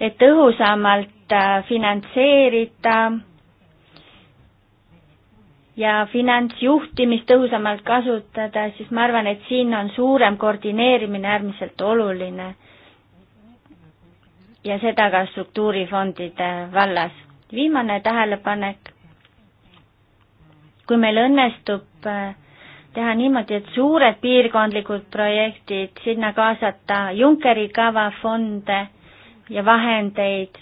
et tõhusamalt äh, finantseerida ja finantsjuhtimist tõhusamalt kasutada, siis ma arvan, et siin on suurem koordineerimine äärmiselt oluline. ja seda ka struktuurifondide vallas. viimane tähelepanek. kui meil õnnestub äh, teha niimoodi, et suured piirkondlikud projektid, sinna kaasata Junckeri kava fonde ja vahendeid,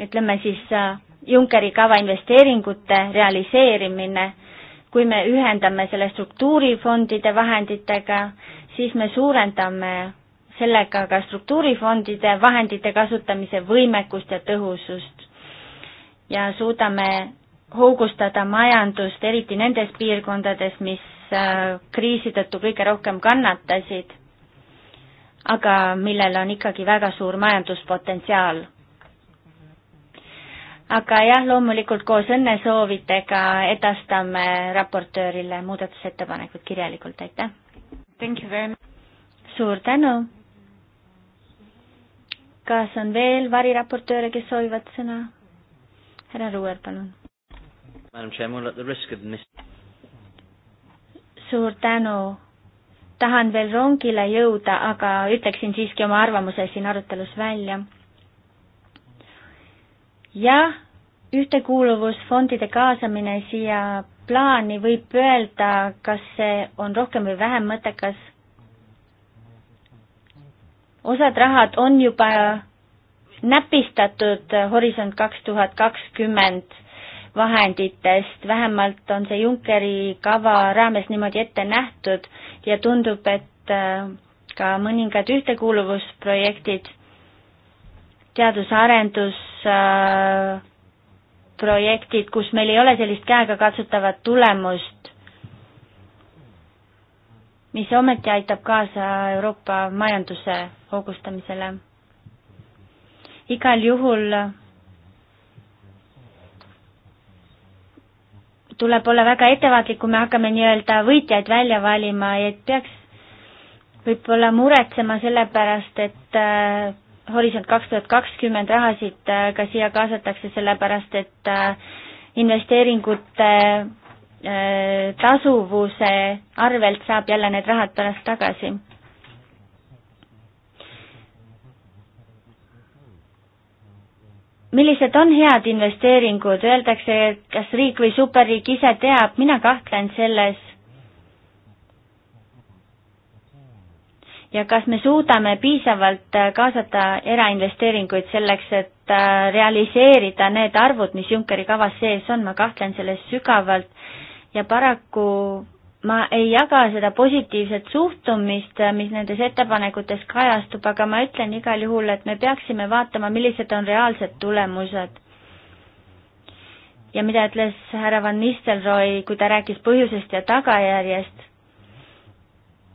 ütleme siis äh, Junckeri kava investeeringute realiseerimine, kui me ühendame selle struktuurifondide vahenditega, siis me suurendame sellega ka struktuurifondide vahendite kasutamise võimekust ja tõhusust ja suudame hoogustada majandust, eriti nendes piirkondades, mis äh, kriisi tõttu kõige rohkem kannatasid, aga millel on ikkagi väga suur majanduspotentsiaal aga jah, loomulikult koos õnnesoovidega edastame raportöörile muudatusettepanekud kirjalikult, aitäh! suur tänu! kas on veel variraportööre, kes soovivad sõna? härra Ruuer, palun. suur tänu. tahan veel rongile jõuda, aga ütleksin siiski oma arvamuse siin arutelus välja jah, ühtekuuluvusfondide kaasamine siia plaani võib öelda, kas see on rohkem või vähem mõttekas. osad rahad on juba näpistatud Horisont kaks tuhat kakskümmend vahenditest, vähemalt on see Junckeri kava raames niimoodi ette nähtud ja tundub, et äh, ka mõningad ühtekuuluvusprojektid teadus-arendusprojektid, äh, kus meil ei ole sellist käegakatsutavat tulemust, mis ometi aitab kaasa Euroopa majanduse hoogustamisele. igal juhul tuleb olla väga ettevaatlik, kui me hakkame nii-öelda võitjaid välja valima, et peaks võib-olla muretsema selle pärast, et äh, Horisont kaks tuhat kakskümmend rahasid äh, ka siia kaasatakse, sellepärast et äh, investeeringute äh, tasuvuse arvelt saab jälle need rahad pärast tagasi. millised on head investeeringud, öeldakse, kas riik või superriik ise teab, mina kahtlen selles ja kas me suudame piisavalt äh, kaasata erainvesteeringuid selleks, et äh, realiseerida need arvud, mis Junckeri kavas sees on, ma kahtlen selles sügavalt ja paraku ma ei jaga seda positiivset suhtumist, äh, mis nendes ettepanekutes kajastub, aga ma ütlen igal juhul, et me peaksime vaatama, millised on reaalsed tulemused. ja mida ütles härra Van Nistelrooy, kui ta rääkis põhjusest ja tagajärjest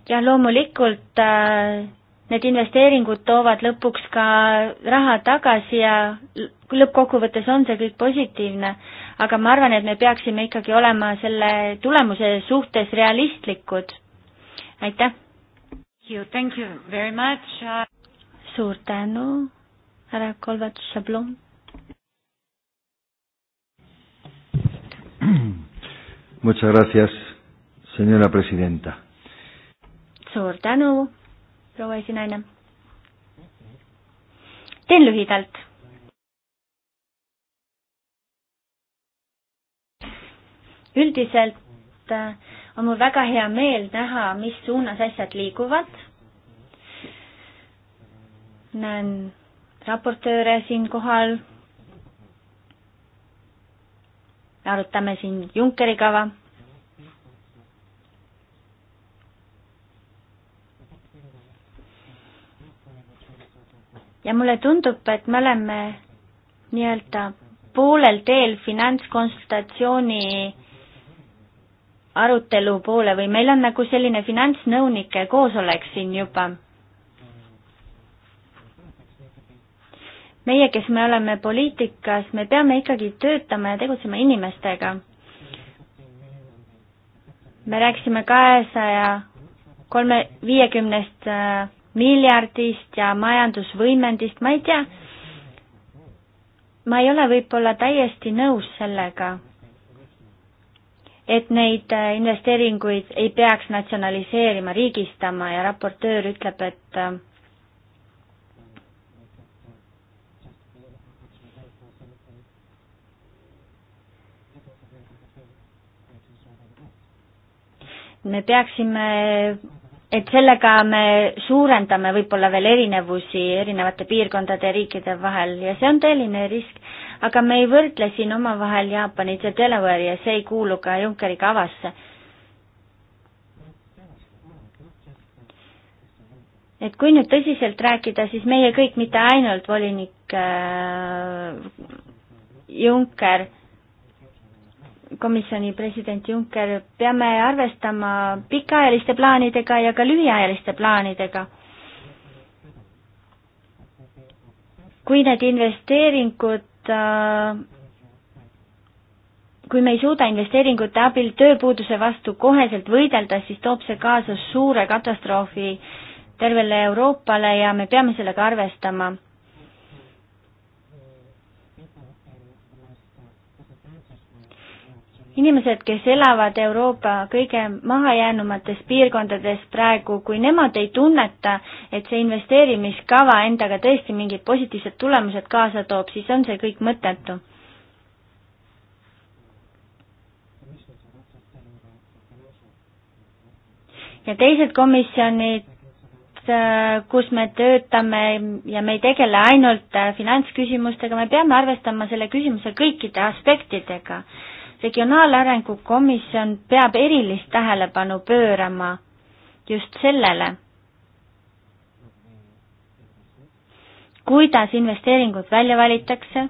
ja loomulikult äh, need investeeringud toovad lõpuks ka raha tagasi ja lõppkokkuvõttes on see kõik positiivne, aga ma arvan, et me peaksime ikkagi olema selle tulemuse suhtes realistlikud. aitäh! Thank you very much! suur tänu, härra Kolvatš-Šablon! Muchas gracias, señora presidenta suur tänu, proua esinaine. teen lühidalt. üldiselt äh, on mul väga hea meel näha, mis suunas asjad liiguvad. näen raportööre siinkohal. arutame siin Junckeri kava ja mulle tundub, et me oleme nii-öelda poolel teel finantskonsultatsiooni arutelu poole või meil on nagu selline finantsnõunike koosolek siin juba. meie, kes me oleme poliitikas, me peame ikkagi töötama ja tegutsema inimestega. me rääkisime kahesaja kolme, viiekümnest äh, miljardist ja majandusvõimendist, ma ei tea, ma ei ole võib-olla täiesti nõus sellega, et neid investeeringuid ei peaks natsionaliseerima, riigistama ja raportöör ütleb, et me peaksime et sellega me suurendame võib-olla veel erinevusi erinevate piirkondade ja riikide vahel ja see on tõeline risk, aga me ei võrdle siin omavahel Jaapanit ja Delaware'i ja see ei kuulu ka Junckeri kavasse. et kui nüüd tõsiselt rääkida, siis meie kõik, mitte ainult volinik äh, Juncker äh, komisjoni president Juncker, peame arvestama pikaajaliste plaanidega ja ka lühiajaliste plaanidega. kui need investeeringud, äh, kui me ei suuda investeeringute abil tööpuuduse vastu koheselt võidelda, siis toob see kaasa suure katastroofi tervele Euroopale ja me peame sellega arvestama inimesed, kes elavad Euroopa kõige mahajäänumates piirkondades praegu, kui nemad ei tunneta, et see investeerimiskava endaga tõesti mingid positiivsed tulemused kaasa toob, siis on see kõik mõttetu. ja teised komisjonid, äh, kus me töötame ja me ei tegele ainult äh, finantsküsimustega, me peame arvestama selle küsimuse kõikide aspektidega regionaalarengu komisjon peab erilist tähelepanu pöörama just sellele, kuidas investeeringud välja valitakse.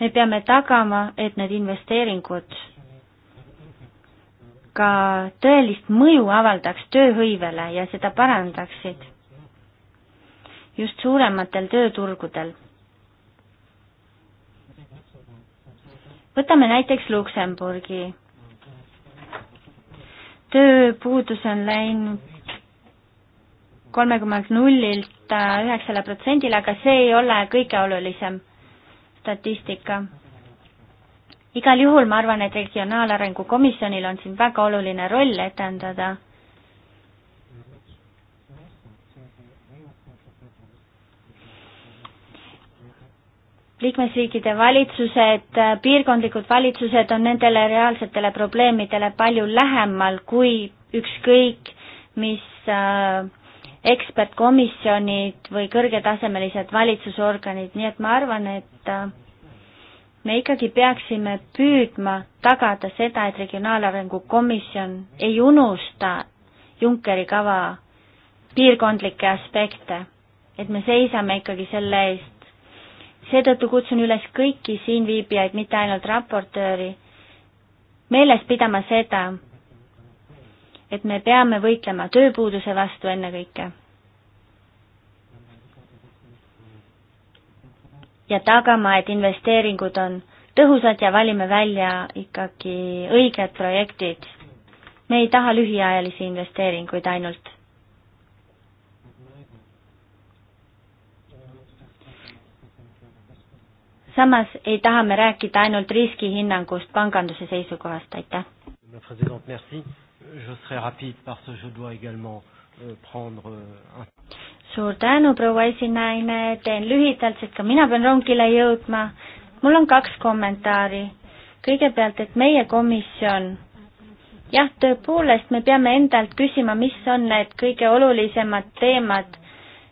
me peame tagama, et need investeeringud ka tõelist mõju avaldaks tööhõivele ja seda parandaksid just suurematel tööturgudel võtame näiteks Luksemburgi. tööpuudus on läinud kolmekümnelt nullilt äh, üheksale protsendile, aga see ei ole kõige olulisem statistika. igal juhul ma arvan, et Regionaalarengu Komisjonil on siin väga oluline roll etendada liikmesriikide valitsused, piirkondlikud valitsused on nendele reaalsetele probleemidele palju lähemal kui ükskõik, mis äh, ekspertkomisjonid või kõrgetasemelised valitsusorganid, nii et ma arvan, et äh, me ikkagi peaksime püüdma tagada seda, et Regionaalarengu Komisjon ei unusta Junckeri kava piirkondlikke aspekte, et me seisame ikkagi selle eest, seetõttu kutsun üles kõiki siinviibijaid, mitte ainult raportööri, meeles pidama seda, et me peame võitlema tööpuuduse vastu ennekõike. ja tagama, et investeeringud on tõhusad ja valime välja ikkagi õiged projektid. me ei taha lühiajalisi investeeringuid ainult samas ei taha me rääkida ainult riskihinnangust panganduse seisukohast, aitäh. Euh, euh, suur tänu, proua esinaine, teen lühidalt, sest ka mina pean rongile jõudma. mul on kaks kommentaari. kõigepealt, et meie komisjon jah, tõepoolest, me peame endalt küsima, mis on need kõige olulisemad teemad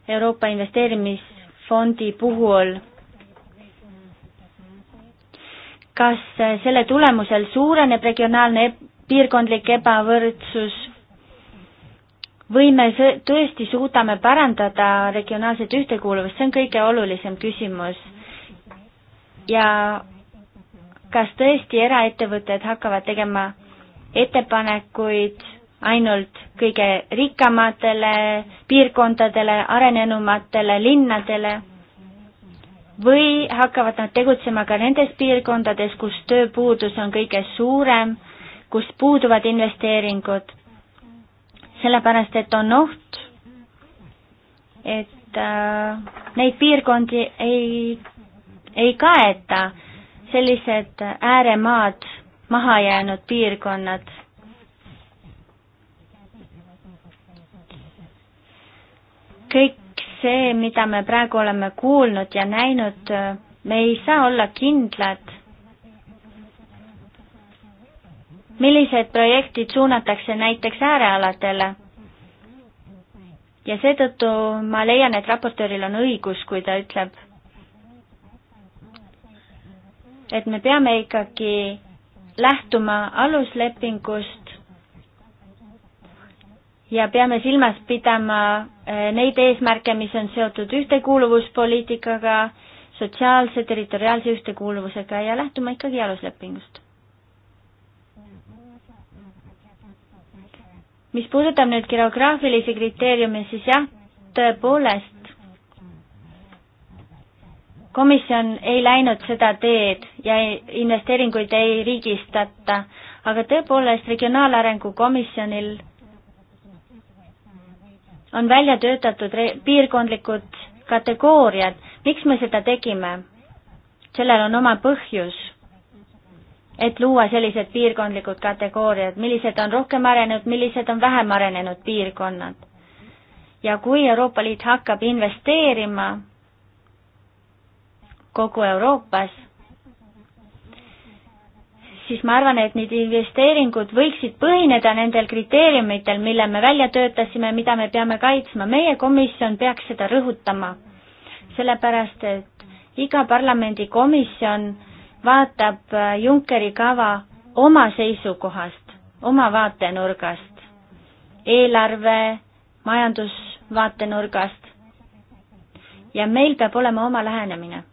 Euroopa Investeerimisfondi puhul kas selle tulemusel suureneb regionaalne e-, piirkondlik ebavõrdsus või me tõesti suudame parandada regionaalset ühtekuuluvust, see on kõige olulisem küsimus. ja kas tõesti eraettevõtted hakkavad tegema ettepanekuid ainult kõige rikkamatele piirkondadele, arenenumatele linnadele või hakkavad nad tegutsema ka nendes piirkondades, kus tööpuudus on kõige suurem, kus puuduvad investeeringud, sellepärast et on oht, et äh, neid piirkondi ei, ei kaeta, sellised ääremaad, mahajäänud piirkonnad kõik see, mida me praegu oleme kuulnud ja näinud, me ei saa olla kindlad, millised projektid suunatakse näiteks äärealadele. ja seetõttu ma leian, et raportööril on õigus, kui ta ütleb, et me peame ikkagi lähtuma aluslepingust ja peame silmas pidama eh, neid eesmärke, mis on seotud ühtekuuluvuspoliitikaga, sotsiaalse, territoriaalse ühtekuuluvusega ja lähtuma ikkagi aluslepingust. mis puudutab nüüd geograafilisi kriteeriume, siis jah, tõepoolest, komisjon ei läinud seda teed ja investeeringuid ei riigistata, aga tõepoolest Regionaalarengu Komisjonil on välja töötatud piirkondlikud kategooriad. miks me seda tegime? sellel on oma põhjus, et luua sellised piirkondlikud kategooriad, millised on rohkem arenenud, millised on vähem arenenud piirkonnad. ja kui Euroopa Liit hakkab investeerima kogu Euroopas siis ma arvan, et need investeeringud võiksid põhineda nendel kriteeriumitel, mille me välja töötasime, mida me peame kaitsma. meie komisjon peaks seda rõhutama, sellepärast et iga parlamendikomisjon vaatab äh, Junckeri kava oma seisukohast, oma vaatenurgast, eelarve, majandusvaatenurgast ja meil peab olema oma lähenemine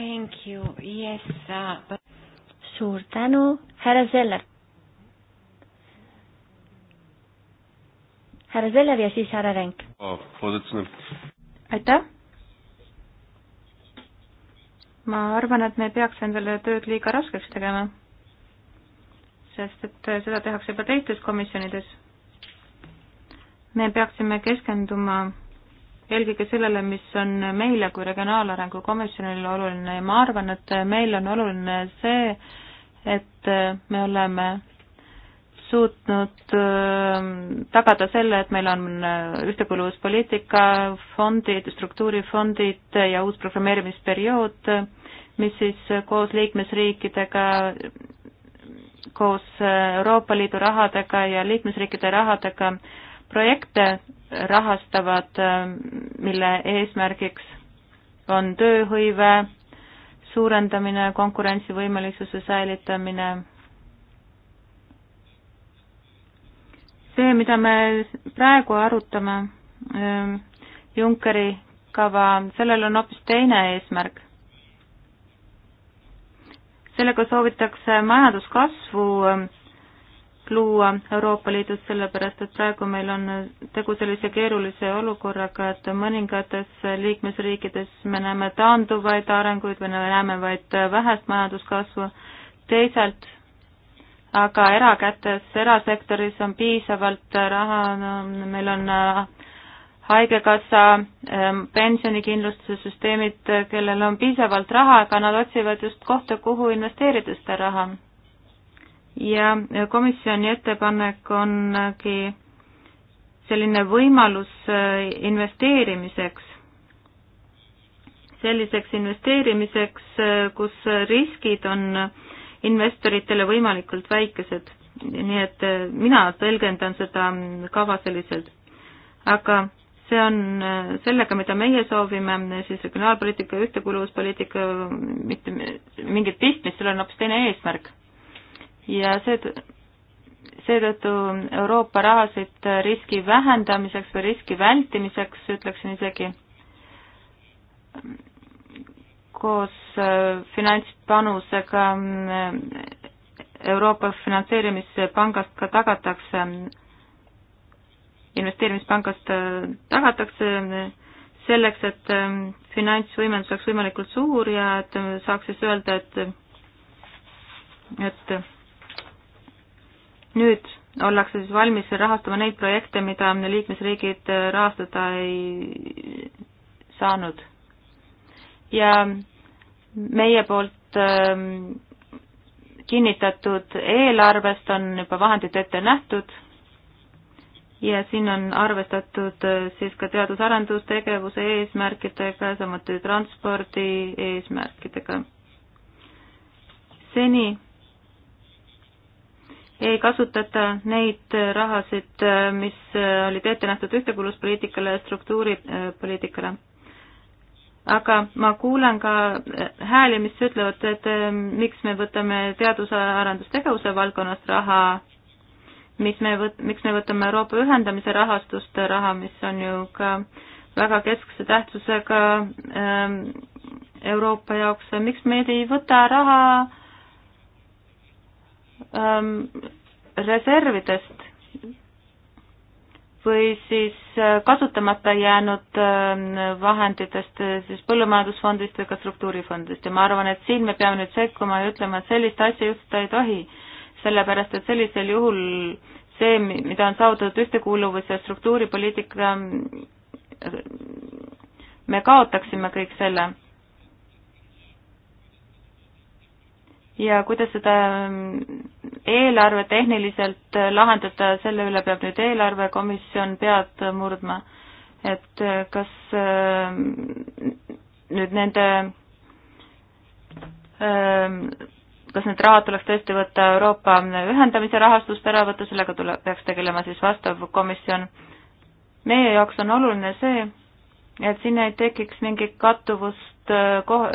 Thank you, yes uh, but.... suur tänu, härra Zeller. härra Zeller ja siis härra Renk oh,. aitäh. ma arvan, et me ei peaks endale tööd liiga raskeks tegema, sest et seda tehakse juba teistes komisjonides. me peaksime keskenduma eelkõige sellele, mis on meile kui Regionaalarengu Komisjonile oluline ja ma arvan, et meil on oluline see, et me oleme suutnud ähm, tagada selle, et meil on äh, ühtekuuluvuspoliitika, fondid, struktuurifondid ja uus programmeerimisperiood, mis siis koos liikmesriikidega, koos äh, Euroopa Liidu rahadega ja liikmesriikide rahadega projekte rahastavad, mille eesmärgiks on tööhõive suurendamine, konkurentsivõimelisuse säilitamine. see, mida me praegu arutame, ähm, Junckeri kava, sellel on hoopis teine eesmärk. sellega soovitakse majanduskasvu ähm, luua Euroopa Liidus, sellepärast et praegu meil on tegu sellise keerulise olukorraga, et mõningates liikmesriikides me näeme taanduvaid arenguid või näeme vaid vähest majanduskasvu, teisalt aga erakätes, erasektoris on piisavalt raha, no meil on äh, haigekassa, ähm, pensionikindlustuse süsteemid, kellel on piisavalt raha, aga nad otsivad just kohta, kuhu investeerida seda raha ja komisjoni ettepanek ongi selline võimalus äh, investeerimiseks, selliseks investeerimiseks, äh, kus riskid on investoritele võimalikult väikesed. nii et äh, mina tõlgendan seda mm, kava selliselt. aga see on sellega, mida meie soovime, siis regionaalpoliitika, ühtekuuluvuspoliitika, mitte mingit pistmist, sellel on hoopis teine eesmärk ja see, seetõttu Euroopa rahasid riski vähendamiseks või riski vältimiseks, ütleksin isegi, koos äh, finantspanusega äh, Euroopa Finantseerimispangast ka tagatakse, investeerimispangast äh, tagatakse selleks, et finantsvõimendus oleks võimalikult suur ja et saaks siis öelda, et, et nüüd ollakse siis valmis rahastama neid projekte, mida liikmesriigid äh, rahastada ei saanud. ja meie poolt ähm, kinnitatud eelarvest on juba vahendid ette nähtud ja siin on arvestatud äh, siis ka teadus-arendustegevuse eesmärkidega, samuti transpordi eesmärkidega. seni ei kasutata neid rahasid, mis olid ette nähtud ühtekuuluvuspoliitikale ja struktuuripoliitikale. aga ma kuulen ka hääli, mis ütlevad, et eh, miks me võtame teadus-arendustegevuse valdkonnast raha, mis me võt-, miks me võtame Euroopa ühendamise rahastust raha, mis on ju ka väga keskse tähtsusega eh, Euroopa jaoks, miks me ei võta raha ähm, reservidest või siis äh, kasutamata jäänud ähm, vahenditest, äh, siis põllumajandusfondist või ka struktuurifondist ja ma arvan, et siin me peame nüüd sekkuma ja ütlema, et sellist asja juhtuda ei tohi, sellepärast et sellisel juhul see, mida on saavutatud ühtekuuluvuse struktuuripoliitika, äh, me kaotaksime kõik selle ja kuidas seda ähm, eelarve tehniliselt äh, lahendada, selle üle peab nüüd eelarvekomisjon pead murdma. et äh, kas ähm, nüüd nende, ähm, kas need rahad tuleks tõesti võtta Euroopa ühendamise rahastust ära võtta, sellega tule-, peaks tegelema siis vastav komisjon. meie jaoks on oluline see, et siin ei tekiks mingit kattuvust äh, ko-,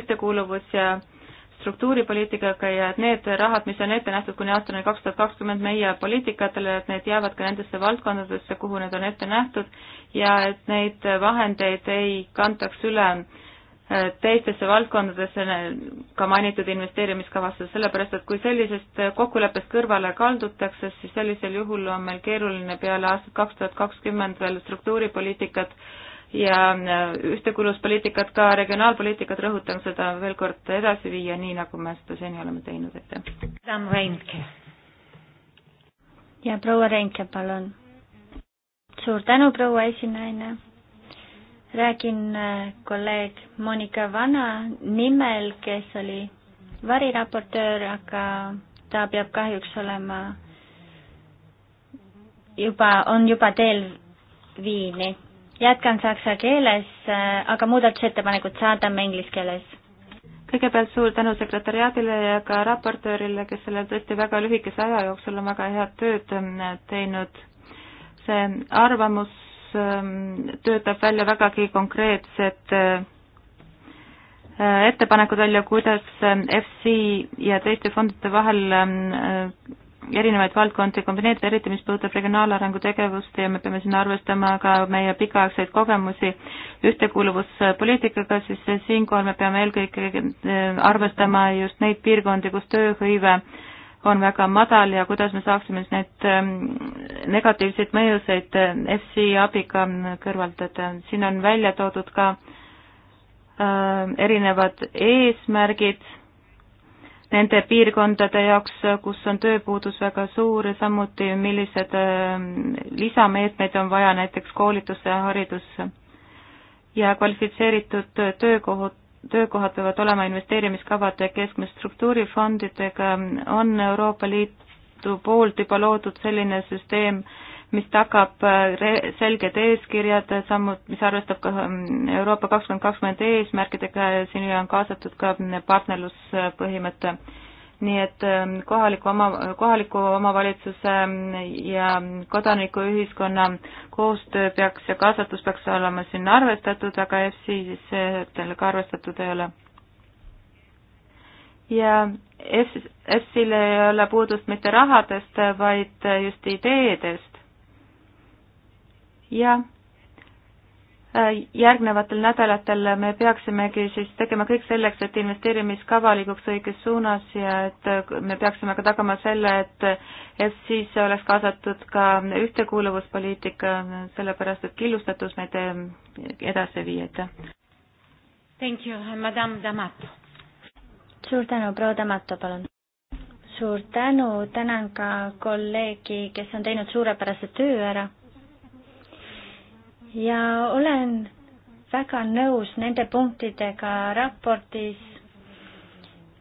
ühtekuuluvus ja äh, struktuuripoliitikaga ja et need rahad, mis on ette nähtud kuni aastani kaks tuhat kakskümmend meie poliitikatele, et need jäävad ka nendesse valdkondadesse, kuhu need on ette nähtud ja et neid vahendeid ei kantaks üle äh, teistesse valdkondadesse ka mainitud investeerimiskavasse, sellepärast et kui sellisest kokkuleppest kõrvale kaldutakse, siis sellisel juhul on meil keeruline peale aastat kaks tuhat kakskümmend veel struktuuripoliitikat äh, ja äh, ühtekuuluvuspoliitikat, ka regionaalpoliitikat, rõhutan seda veel kord edasi viia, nii nagu me seda seni oleme teinud, aitäh. ja proua Reinke, palun. suur tänu, proua esinaine. räägin äh, kolleeg Monika Vana nimel, kes oli variraportöör, aga ta peab kahjuks olema juba, on juba teel Viini jätkan saksa keeles, äh, aga muudatusettepanekud saadame inglise keeles. kõigepealt suur tänu sekretäriaadile ja ka raportöörile, kes selle tõesti väga lühikese aja jooksul on väga head tööd äh, teinud. see arvamus ähm, töötab välja vägagi konkreetsed äh, ettepanekud välja, kuidas FC ja teiste fondide vahel ähm, erinevaid valdkondi kombineerida, eriti mis puudutab regionaalarengu tegevust ja me peame siin arvestama ka meie pikaaegseid kogemusi ühtekuuluvuspoliitikaga, siis siinkohal me peame eelkõige eh, arvestama just neid piirkondi, kus tööhõive on väga madal ja kuidas me saaksime siis neid eh, negatiivseid mõjuseid eh, FC abiga kõrvaldada. siin on välja toodud ka erinevad eesmärgid nende piirkondade jaoks, kus on tööpuudus väga suur ja samuti millised ähm, lisameetmed on vaja näiteks koolitusse ja haridusse. ja kvalifitseeritud töökohad, töökohad peavad olema investeerimiskavade keskmes struktuurifondidega, on Euroopa Liidu poolt juba loodud selline süsteem, mis tagab äh, selged eeskirjad, sammud, mis arvestab ka ähm, Euroopa kakskümmend kakskümmend eesmärkidega ja sinna on kaasatud ka ähm, partnerluspõhimõte. nii et ähm, kohaliku oma, kohaliku omavalitsuse ja kodanikuühiskonna koostöö peaks ja kaasatus peaks olema siin arvestatud, aga EFSI siis sellega arvestatud ei ole ja EFSil ei ole puudust mitte rahadest, vaid just ideedest ja äh, järgnevatel nädalatel me peaksimegi siis tegema kõik selleks, et investeerimiskava liiguks õiges suunas ja et äh, me peaksime ka tagama selle, et, et siis oleks kaasatud ka ühtekuuluvuspoliitika, sellepärast et killustatus meid äh, edasi ei vii, aitäh. Thank you, madam Damato. suur tänu, proua Damato, palun suur tänu, tänan ka kolleegi, kes on teinud suurepärase töö ära ja olen väga nõus nende punktidega raportis,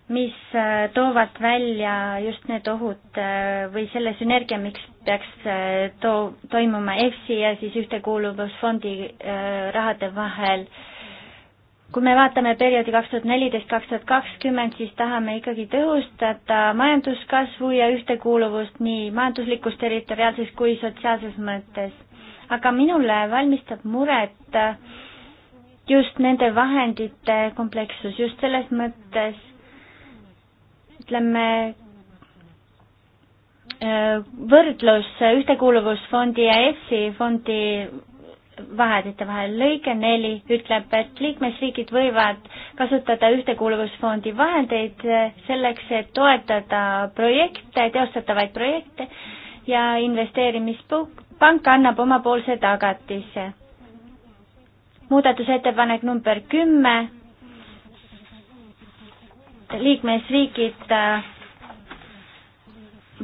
mis äh, toovad välja just need ohud äh, või selle sünergia, miks peaks äh, too, toimuma EFSI ja siis Ühtekuuluvusfondi rahade vahel kui me vaatame perioodi kaks tuhat neliteist, kaks tuhat kakskümmend, siis tahame ikkagi tõhustada majanduskasvu ja ühtekuuluvust nii majanduslikus, territoriaalses kui sotsiaalses mõttes aga minule valmistab muret äh, just nende vahendite komplekssus, just selles mõttes ütleme, äh, võrdlus Ühtekuuluvusfondi ja EFSI fondi vahendite vahel. lõige neli ütleb, et liikmesriigid võivad kasutada Ühtekuuluvusfondi vahendeid selleks, et toetada projekte, teostatavaid projekte ja investeerimispank annab omapoolse tagatise. muudatusettepanek number kümme, liikmesriigid äh,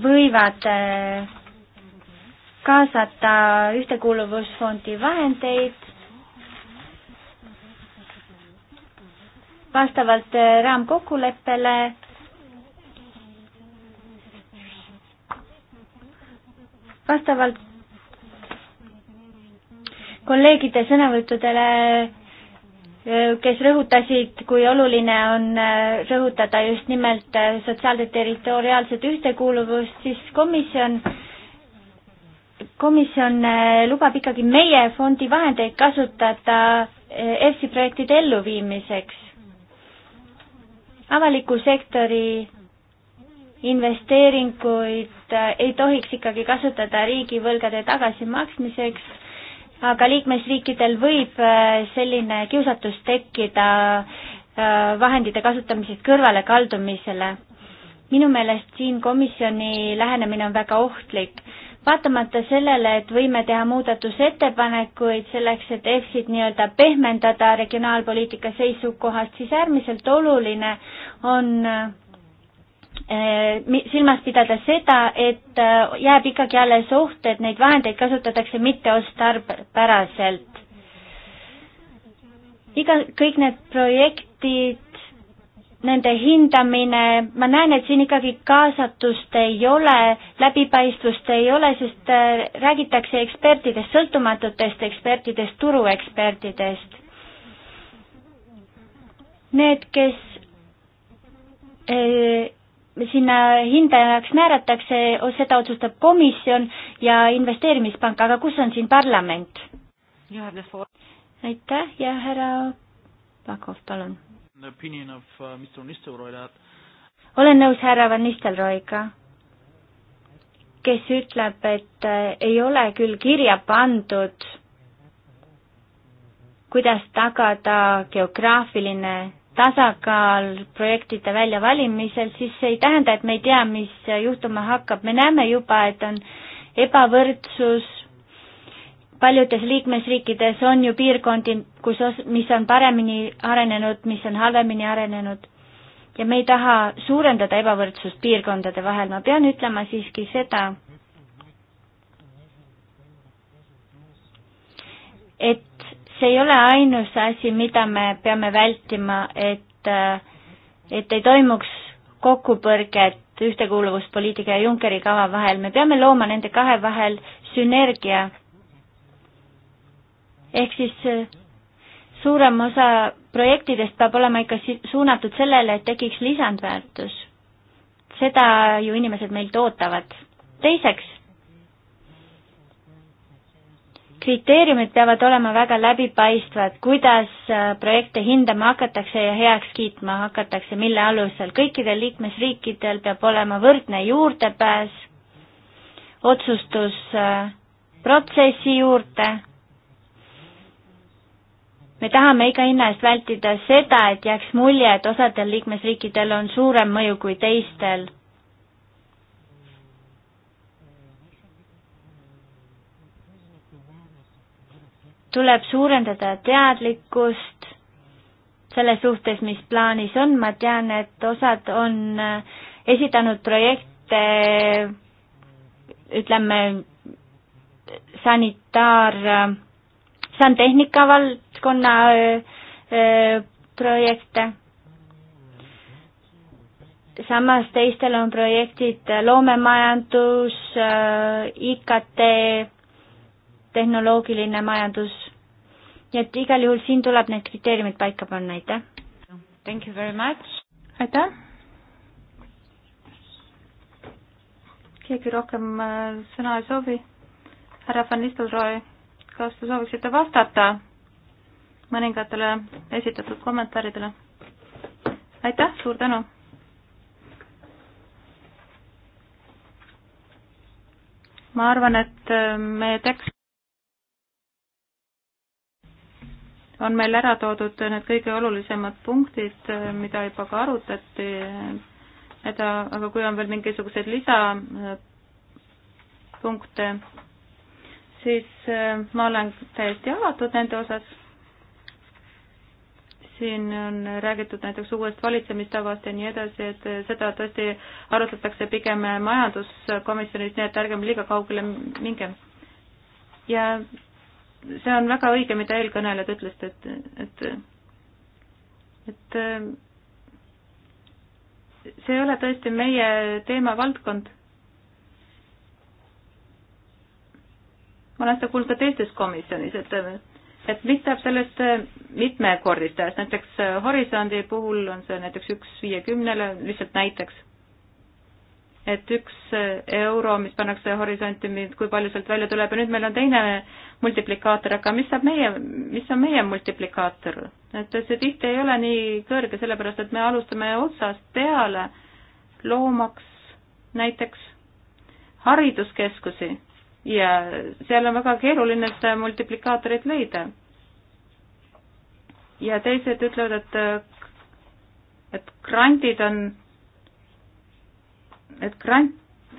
võivad äh, kaasata ühtekuuluvusfondi vahendeid vastavalt äh, raamkokkuleppele vastavalt kolleegide sõnavõttudele, eh, kes rõhutasid, kui oluline on eh, rõhutada just nimelt eh, sotsiaalset territoriaalset ühtekuuluvust, siis komisjon, komisjon lubab ikkagi meie fondi vahendeid kasutada EFSI projektide elluviimiseks. avaliku sektori investeeringuid äh, ei tohiks ikkagi kasutada riigivõlgade tagasimaksmiseks, aga liikmesriikidel võib äh, selline kiusatus tekkida äh, vahendite kasutamisest kõrvalekaldumisele. minu meelest siin komisjoni lähenemine on väga ohtlik. vaatamata sellele, et võime teha muudatusettepanekuid selleks, et EFSid nii-öelda pehmendada regionaalpoliitika seisukohast, siis äärmiselt oluline on Eh, silmas pidada seda, et eh, jääb ikkagi alles oht, et neid vahendeid kasutatakse mitteotstarbepäraselt. iga, kõik need projektid, nende hindamine, ma näen, et siin ikkagi kaasatust ei ole, läbipaistvust ei ole, sest eh, räägitakse ekspertidest, sõltumatutest ekspertidest, turuekspertidest. Need, kes sinna hindajaks määratakse, seda otsustab komisjon ja investeerimispank, aga kus on siin parlament? aitäh ja härra Pakov, palun. Uh, olen nõus härra Van Nistelrooiga, kes ütleb, et äh, ei ole küll kirja pandud, kuidas tagada geograafiline tasakaal projektide väljavalimisel, siis see ei tähenda, et me ei tea, mis juhtuma hakkab, me näeme juba, et on ebavõrdsus, paljudes liikmesriikides on ju piirkondi, kus, mis on paremini arenenud, mis on halvemini arenenud ja me ei taha suurendada ebavõrdsust piirkondade vahel, ma pean ütlema siiski seda, et see ei ole ainus asi, mida me peame vältima, et, et ei toimuks kokkupõrget ühtekuuluvuspoliitika ja Junckeri kava vahel, me peame looma nende kahe vahel sünergia. ehk siis eh, suurem osa projektidest peab olema ikka suunatud sellele, et tekiks lisandväärtus. seda ju inimesed meilt ootavad. teiseks, kriteeriumid peavad olema väga läbipaistvad, kuidas äh, projekte hindama hakatakse ja heaks kiitma hakatakse, mille alusel. kõikidel liikmesriikidel peab olema võrdne juurdepääs otsustusprotsessi juurde. me tahame iga hinna eest vältida seda, et jääks mulje, et osadel liikmesriikidel on suurem mõju kui teistel tuleb suurendada teadlikkust selle suhtes, mis plaanis on, ma tean, et osad on äh, esitanud projekte ütleme, sanitaar, äh, santehnika valdkonna äh, projekte. samas teistel on projektid loomemajandus, IKT, tehnoloogiline majandus, nii et igal juhul siin tuleb need kriteeriumid paika panna, aitäh! Thank you very much! aitäh! keegi rohkem äh, sõna ei soovi? härra Van Nistelrooy, kas te sooviksite vastata mõningatele esitatud kommentaaridele? aitäh, suur tänu! ma arvan, et äh, meie tekst on meil ära toodud need kõige olulisemad punktid, mida juba ka arutati, et aga kui on veel mingisuguseid lisapunkte, siis äh, ma olen täiesti avatud nende osas. siin on räägitud näiteks uuest valitsemistavast ja nii edasi, et seda tõesti arutatakse pigem majanduskomisjonis, nii et ärgem liiga kaugele minge. ja see on väga õige, mida eelkõnelejad ütlesid, et, et, et see ei ole tõesti meie teemavaldkond. ma olen seda kuulnud ka teistes komisjonis, et, et mis saab sellest mitmekordistajast, näiteks Horisondi puhul on see näiteks üks viiekümnele, lihtsalt näiteks et üks euro, mis pannakse horisonti, kui palju sealt välja tuleb ja nüüd meil on teine multiplikaator, aga mis saab meie, mis on meie multiplikaator? et see tihti ei ole nii kõrge, sellepärast et me alustame otsast peale, loomaks näiteks hariduskeskusi ja seal on väga keeruline seda multiplikaatorit leida. ja teised ütlevad, et, et grandid on et grant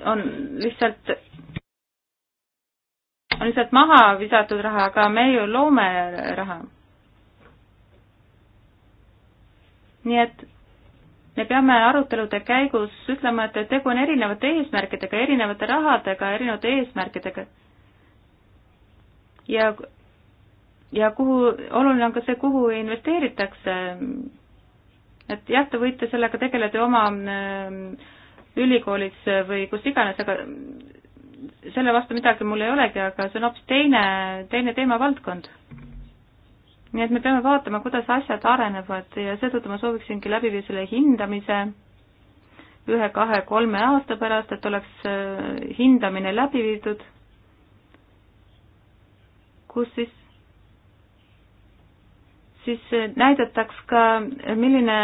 on lihtsalt, on lihtsalt maha visatud raha, aga me ju loome raha. nii et me peame arutelude käigus ütlema, et tegu on erinevate eesmärkidega, erinevate rahadega, erinevate eesmärkidega. ja, ja kuhu, oluline on ka see, kuhu investeeritakse. et jah, te võite sellega tegeleda oma äh, ülikoolis või kus iganes, aga selle vastu midagi mul ei olegi, aga see on hoopis teine, teine teemavaldkond. nii et me peame vaatama, kuidas asjad arenevad ja seetõttu ma sooviksingi läbi viia selle hindamise ühe-kahe-kolme aasta pärast, et oleks äh, hindamine läbi viidud, kus siis, siis äh, näidataks ka, milline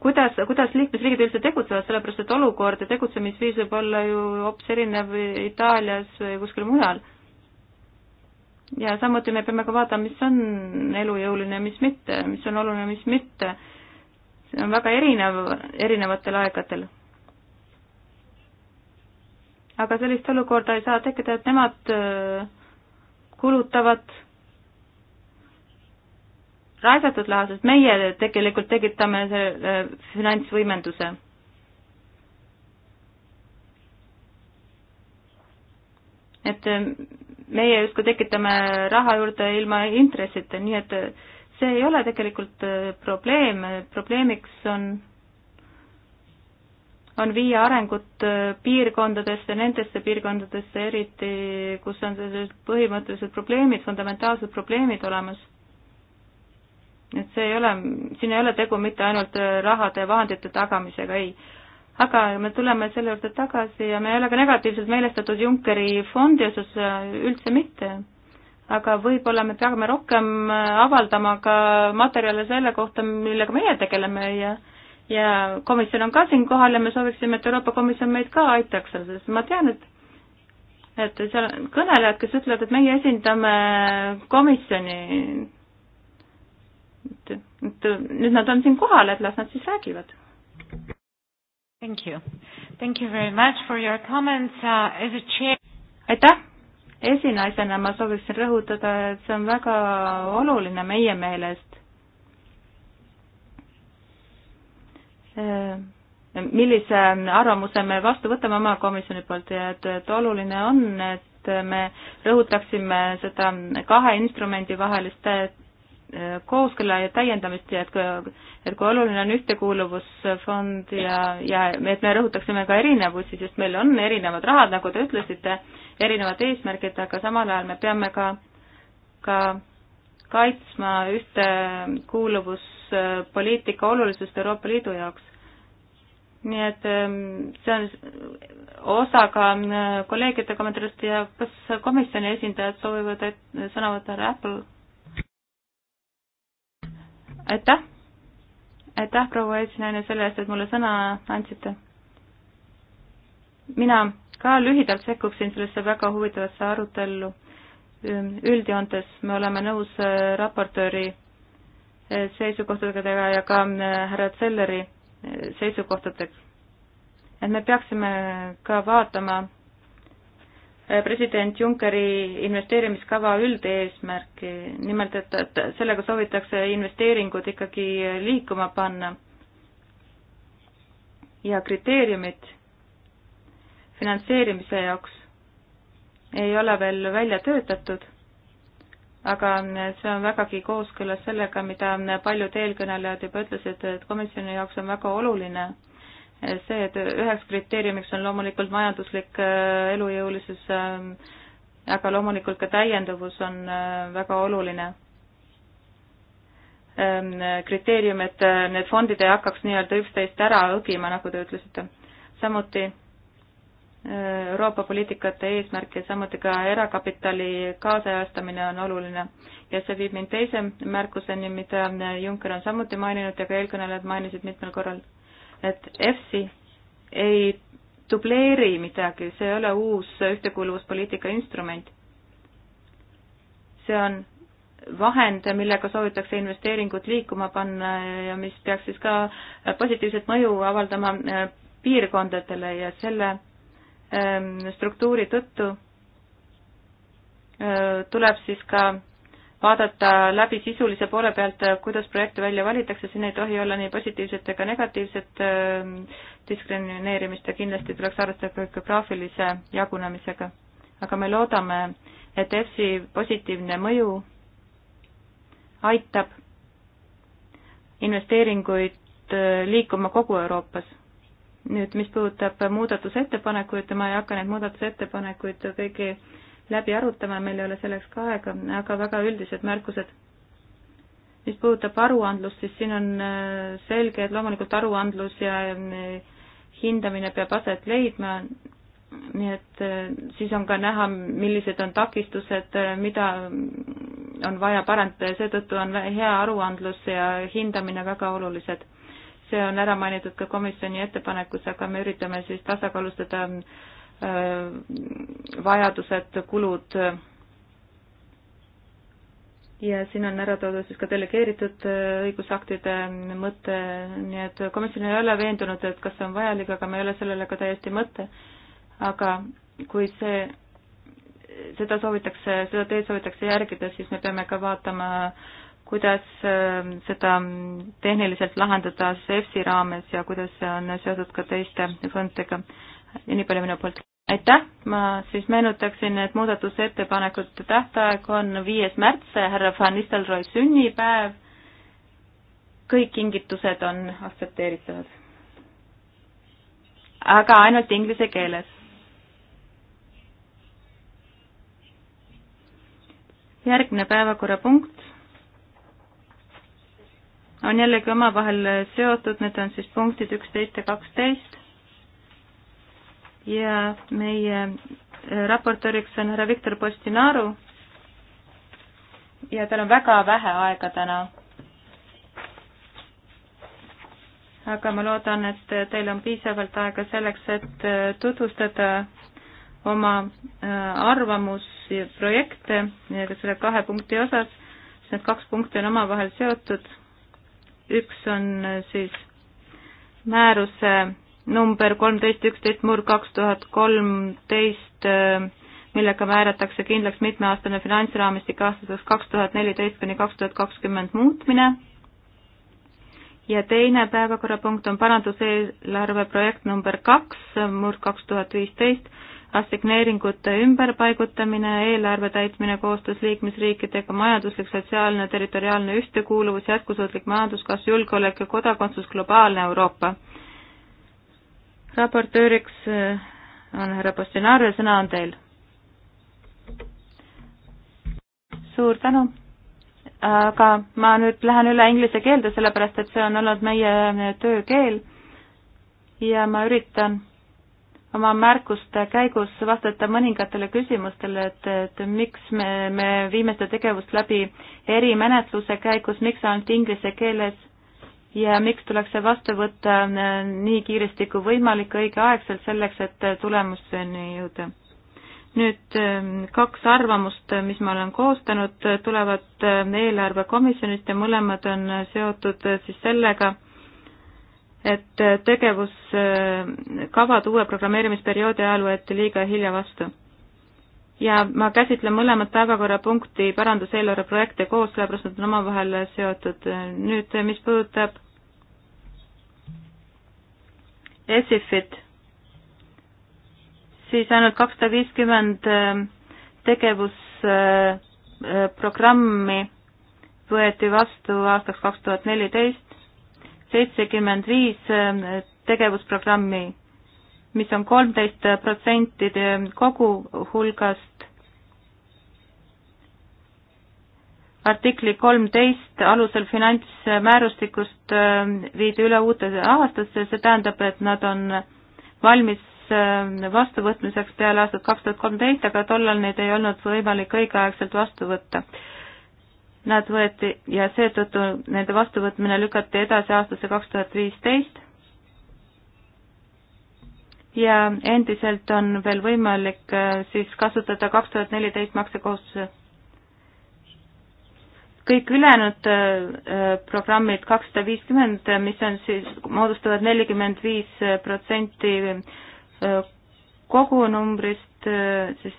kuidas, kuidas liikmesriigid üldse tegutsevad, sellepärast et olukord ja tegutsemisviis võib olla ju hoopis erinev Itaalias või kuskil mujal. ja samuti me peame ka vaatama, mis on elujõuline ja mis mitte, mis on oluline, mis mitte. see on väga erinev erinevatel aegadel. aga sellist olukorda ei saa tekkida, et nemad äh, kulutavad raisatud raha, sest meie tegelikult tekitame selle äh, finantsvõimenduse. et äh, meie justkui tekitame raha juurde ilma intressita, nii et äh, see ei ole tegelikult probleem, probleemiks on, on viia arengut piirkondadesse, nendesse piirkondadesse eriti, kus on sellised põhimõttelised probleemid, fundamentaalsed probleemid olemas et see ei ole, siin ei ole tegu mitte ainult äh, rahade ja vahendite tagamisega, ei. aga me tuleme selle juurde tagasi ja me ei ole ka negatiivselt meelestatud Junckeri fondi osas äh, üldse mitte. aga võib-olla me peame rohkem äh, avaldama ka materjale selle kohta, millega meie tegeleme ja ja komisjon on ka siin kohal ja me sooviksime, et Euroopa Komisjon meid ka aitaks selles, sest ma tean, et et seal on kõnelejad, kes ütlevad, et meie esindame komisjoni et, et nüüd nad on siin kohal, et las nad siis räägivad. Thank you. Thank you very much for your comments uh, as a chair. aitäh! esinaisena ma sooviksin rõhutada, et see on väga oluline meie meelest. Äh, millise arvamuse me vastu võtame oma komisjoni poolt ja et, et oluline on, et me rõhutaksime seda kahe instrumendi vahelist kooskõla ja täiendamist ja et kui, et kui oluline on ühtekuuluvusfond ja, ja et me rõhutaksime ka erinevusi, sest meil on erinevad rahad, nagu te ütlesite, erinevad eesmärgid, aga samal ajal me peame ka, ka kaitsma ühtekuuluvuspoliitika olulisust Euroopa Liidu jaoks. nii et ähm, see on osa ka äh, kolleegide kommentaaridest ja kas komisjoni esindajad soovivad, et sõna võtta härra Apple? aitäh, aitäh, proua eesinaine, selle eest, et mulle sõna andsite. mina ka lühidalt sekkuksin sellesse väga huvitavasse arutellu. üldjoontes me oleme nõus äh, raportööri äh, seisukohtadega ja ka äh, härra Zelleri seisukohtadega. et me peaksime ka vaatama Äh, president Junckeri investeerimiskava üldeesmärki, nimelt et, et sellega soovitakse investeeringud ikkagi liikuma panna ja kriteeriumid finantseerimise jaoks ei ole veel välja töötatud, aga see on vägagi kooskõlas sellega, mida paljud eelkõnelejad juba ütlesid, et komisjoni jaoks on väga oluline see, et üheks kriteeriumiks on loomulikult majanduslik äh, elujõulisus, ähm, aga loomulikult ka täienduvus on äh, väga oluline ähm, kriteerium, et äh, need fondid ei hakkaks nii-öelda üksteist ära õgima, nagu te ütlesite. samuti Euroopa poliitikate eesmärk ja samuti ka erakapitali kaasajastamine on oluline. ja see viib mind teise märkuseni, mida Juncker on samuti maininud ja ka eelkõnelejad mainisid mitmel korral et EFSI ei dubleeri midagi, see ei ole uus ühtekuuluvuspoliitika instrument. see on vahend, millega soovitakse investeeringud liikuma panna ja mis peaks siis ka positiivset mõju avaldama äh, piirkondadele ja selle ähm, struktuuri tõttu äh, tuleb siis ka vaadata läbi sisulise poole pealt, äh, kuidas projekte välja valitakse, siin ei tohi olla nii positiivset ega negatiivset ähm, diskrimineerimist ja kindlasti tuleks arvestada ka geograafilise jagunemisega. aga me loodame, et EFSi positiivne mõju aitab investeeringuid äh, liikuma kogu Euroopas. nüüd, mis puudutab muudatusettepanekuid, ma ei hakka neid muudatusettepanekuid kõigi läbi arutama, meil ei ole selleks ka aega, aga väga üldised märkused. mis puudutab aruandlust, siis siin on äh, selge, et loomulikult aruandlus ja äh, hindamine peab aset leidma, nii et äh, siis on ka näha, millised on takistused, mida on vaja parandada ja seetõttu on hea aruandlus ja hindamine väga olulised. see on ära mainitud ka komisjoni ettepanekus, aga me üritame siis tasakaalustada äh, Äh, vajadused, kulud. ja siin on ära toodud siis ka delegeeritud äh, õigusaktide mõte, nii et komisjon ei ole veendunud, et kas see on vajalik, aga ma ei ole sellele ka täiesti mõte. aga kui see, seda soovitakse, seda teed soovitakse järgida, siis me peame ka vaatama äh, kuidas seda tehniliselt lahendada siis EFSI raames ja kuidas see on seotud ka teiste fondidega. nii palju minu poolt aitäh, ma siis meenutaksin, et muudatusettepanekute tähtaeg on viies märts, härra Van Nistelrooy sünnipäev. kõik kingitused on aktsepteeritavad. aga ainult inglise keeles. järgmine päevakorrapunkt on jällegi omavahel seotud, need on siis punktid üksteist ja kaksteist ja meie äh, raportööriks on härra Viktor Postinaru ja tal on väga vähe aega täna. aga ma loodan, et teil on piisavalt aega selleks, et äh, tutvustada oma äh, arvamusprojekte selle kahe punkti osas, sest need kaks punkti on omavahel seotud. üks on siis määruse number kolmteist üksteist murd kaks tuhat kolmteist, millega määratakse kindlaks mitmeaastane finantsraamistik aastateks kaks tuhat neliteist kuni kaks tuhat kakskümmend muutmine. ja teine päevakorrapunkt on paranduseelarve projekt number kaks, murd kaks tuhat viisteist, assigneeringute ümberpaigutamine, eelarve täitmine koostöös liikmesriikidega, majanduslik, sotsiaalne, territoriaalne ühtekuuluvus, jätkusuutlik majanduskasv, julgeolek ja kodakondsus, globaalne Euroopa raportööriks äh, on härra Postinaar ja sõna on teil. suur tänu, aga ma nüüd lähen üle inglise keelde, sellepärast et see on olnud meie töökeel ja ma üritan oma märkuste käigus vastata mõningatele küsimustele, et, et miks me, me viime seda tegevust läbi erimenetluse käigus, miks ainult inglise keeles ja miks tuleks see vastu võtta äh, nii kiiresti kui võimalik, õigeaegselt, selleks et äh, tulemuseni jõuda. nüüd äh, kaks arvamust, mis ma olen koostanud, tulevad eelarvekomisjonist ja mõlemad on seotud siis sellega, et tegevuskavad uue programmeerimisperioodi ajal võeti liiga hilja vastu ja ma käsitlen mõlemat päevakorrapunkti paranduseelarve projekte koos, sellepärast nad on omavahel seotud. nüüd, mis puudutab ESIF-it, siis ainult kakssada viiskümmend äh, tegevusprogrammi äh, äh, võeti vastu aastaks kaks tuhat neliteist, seitsekümmend viis tegevusprogrammi mis on kolmteist protsenti kogu hulgast artikli kolmteist alusel finantsmäärustikust äh, viidi üle uute aastasse, see tähendab, et nad on valmis äh, vastuvõtmiseks peale aastat kaks tuhat kolmteist, aga tollal neid ei olnud võimalik õigeaegselt vastu võtta. Nad võeti ja seetõttu nende vastuvõtmine lükati edasi aastasse kaks tuhat viisteist ja endiselt on veel võimalik äh, siis kasutada kaks tuhat neliteist maksekohustuse kõik ülejäänud äh, äh, programmid kakssada viiskümmend, äh, mis on siis moodustavad, moodustavad nelikümmend viis protsenti kogunumbrist, siis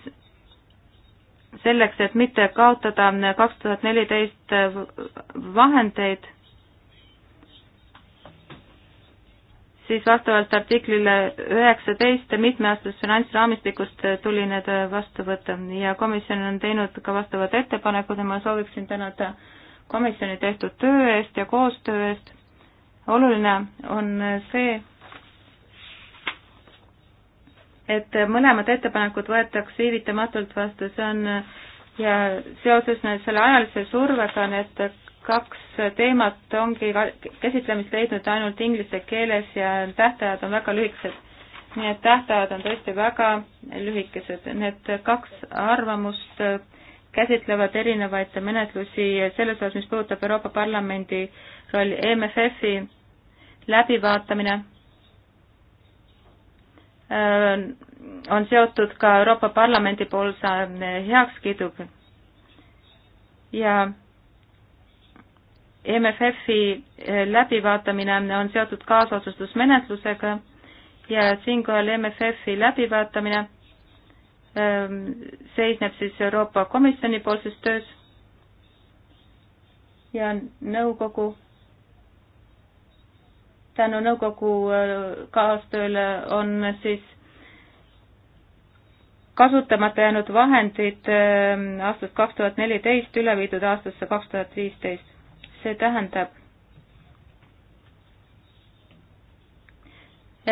selleks, et mitte kaotada kaks tuhat neliteist vahendeid siis vastavalt artiklile üheksateist mitmeaastasest finantsraamistikust tuli need vastu võtta ja komisjon on teinud ka vastavad ettepanekud ja ma sooviksin tänada komisjoni tehtud töö eest ja koostöö eest. oluline on see, et mõlemad ettepanekud võetakse viivitamatult vastu, see on ja seoses nüüd selle ajalise survega need kaks teemat ongi käsitlemist leidnud ainult inglise keeles ja tähtajad on väga lühikesed. nii et tähtajad on tõesti väga lühikesed. Need kaks arvamust käsitlevad erinevaid menetlusi selles osas, mis puudutab Euroopa Parlamendi rolli EMFF-i läbivaatamine äh, on seotud ka Euroopa Parlamendi poolse heakskiiduga ja MFF-i eh, läbivaatamine on seotud kaasotsustusmenetlusega ja siinkohal MFF-i läbivaatamine ehm, seisneb siis Euroopa Komisjoni poolses töös ja nõukogu, tänu nõukogu eh, kaastööle on siis kasutamata jäänud vahendid ehm, aastast kaks tuhat neliteist üle viidud aastasse kaks tuhat viisteist see tähendab,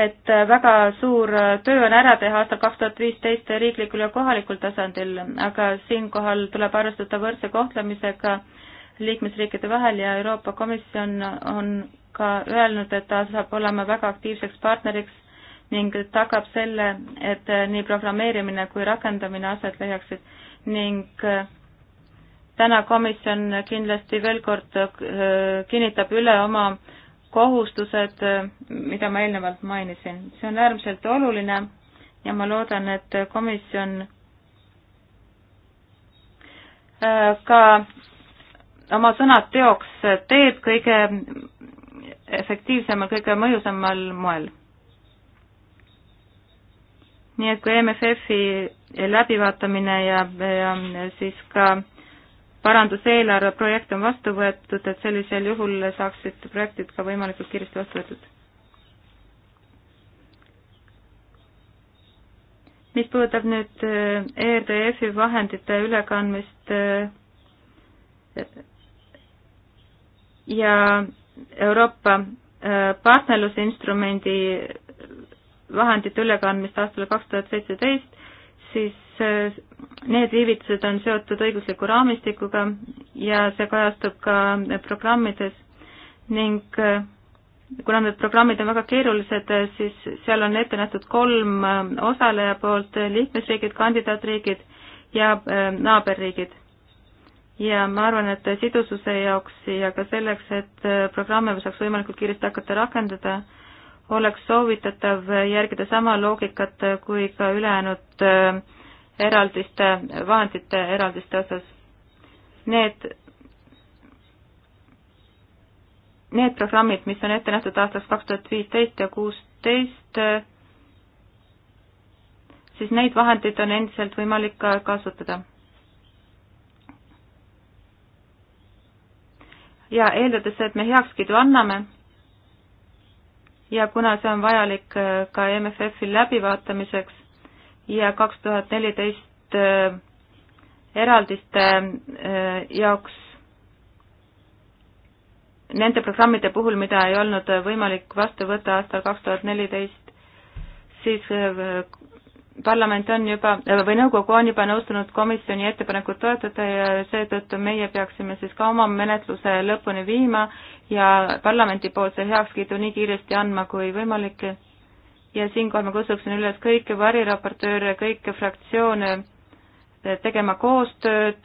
et väga suur töö on ära teha aastal kaks tuhat viisteist riiklikul ja kohalikul tasandil, aga siinkohal tuleb arvestada võrdse kohtlemisega liikmesriikide vahel ja Euroopa Komisjon on ka öelnud, et ta saab olema väga aktiivseks partneriks ning tagab selle, et nii programmeerimine kui rakendamine aset leiaksid ning täna komisjon kindlasti veel kord äh, kinnitab üle oma kohustused, äh, mida ma eelnevalt mainisin. see on äärmiselt oluline ja ma loodan, et komisjon äh, ka oma sõnad teoks teeb kõige efektiivsemal, kõige mõjusamal moel. nii et kui MFF-i läbivaatamine ja, ja siis ka paranduseelarve projekt on vastu võetud, et sellisel juhul saaksid projektid ka võimalikult kiiresti vastu võetud. mis puudutab nüüd äh, ERDF-i vahendite ülekandmist äh, ja Euroopa äh, partnerlusinstrumendi vahendite ülekandmist aastal kaks tuhat seitseteist, siis äh, need viivitused on seotud õigusliku raamistikuga ja see kajastub ka programmides ning äh, kuna need programmid on väga keerulised, äh, siis seal on ette nähtud kolm osaleja poolt, liikmesriigid, kandidaatriigid ja naaberriigid. ja ma arvan, et sidususe jaoks ja ka selleks, et programme saaks võimalikult kiiresti hakata rakendada, oleks soovitatav järgida sama loogikat kui ka ülejäänud äh, eraldiste, vahendite eraldiste osas. Need, need programmid, mis on ette nähtud aastaks kaks tuhat viisteist ja kuusteist, äh, siis neid vahendeid on endiselt võimalik ka kasutada ja eeldades, et me heakskiidu anname, ja kuna see on vajalik äh, ka MFF-i läbivaatamiseks ja kaks tuhat neliteist äh, eraldiste äh, jaoks nende programmide puhul, mida ei olnud võimalik vastu võtta aastal kaks tuhat neliteist, siis parlament on juba, või nõukogu on juba nõustunud komisjoni ettepanekut toetada ja seetõttu meie peaksime siis ka oma menetluse lõpuni viima ja parlamendi poolt see heakskiidu nii kiiresti andma kui võimalik. ja siinkohal ma kutsuksin üles kõiki variraportööre, kõiki fraktsioone tegema koostööd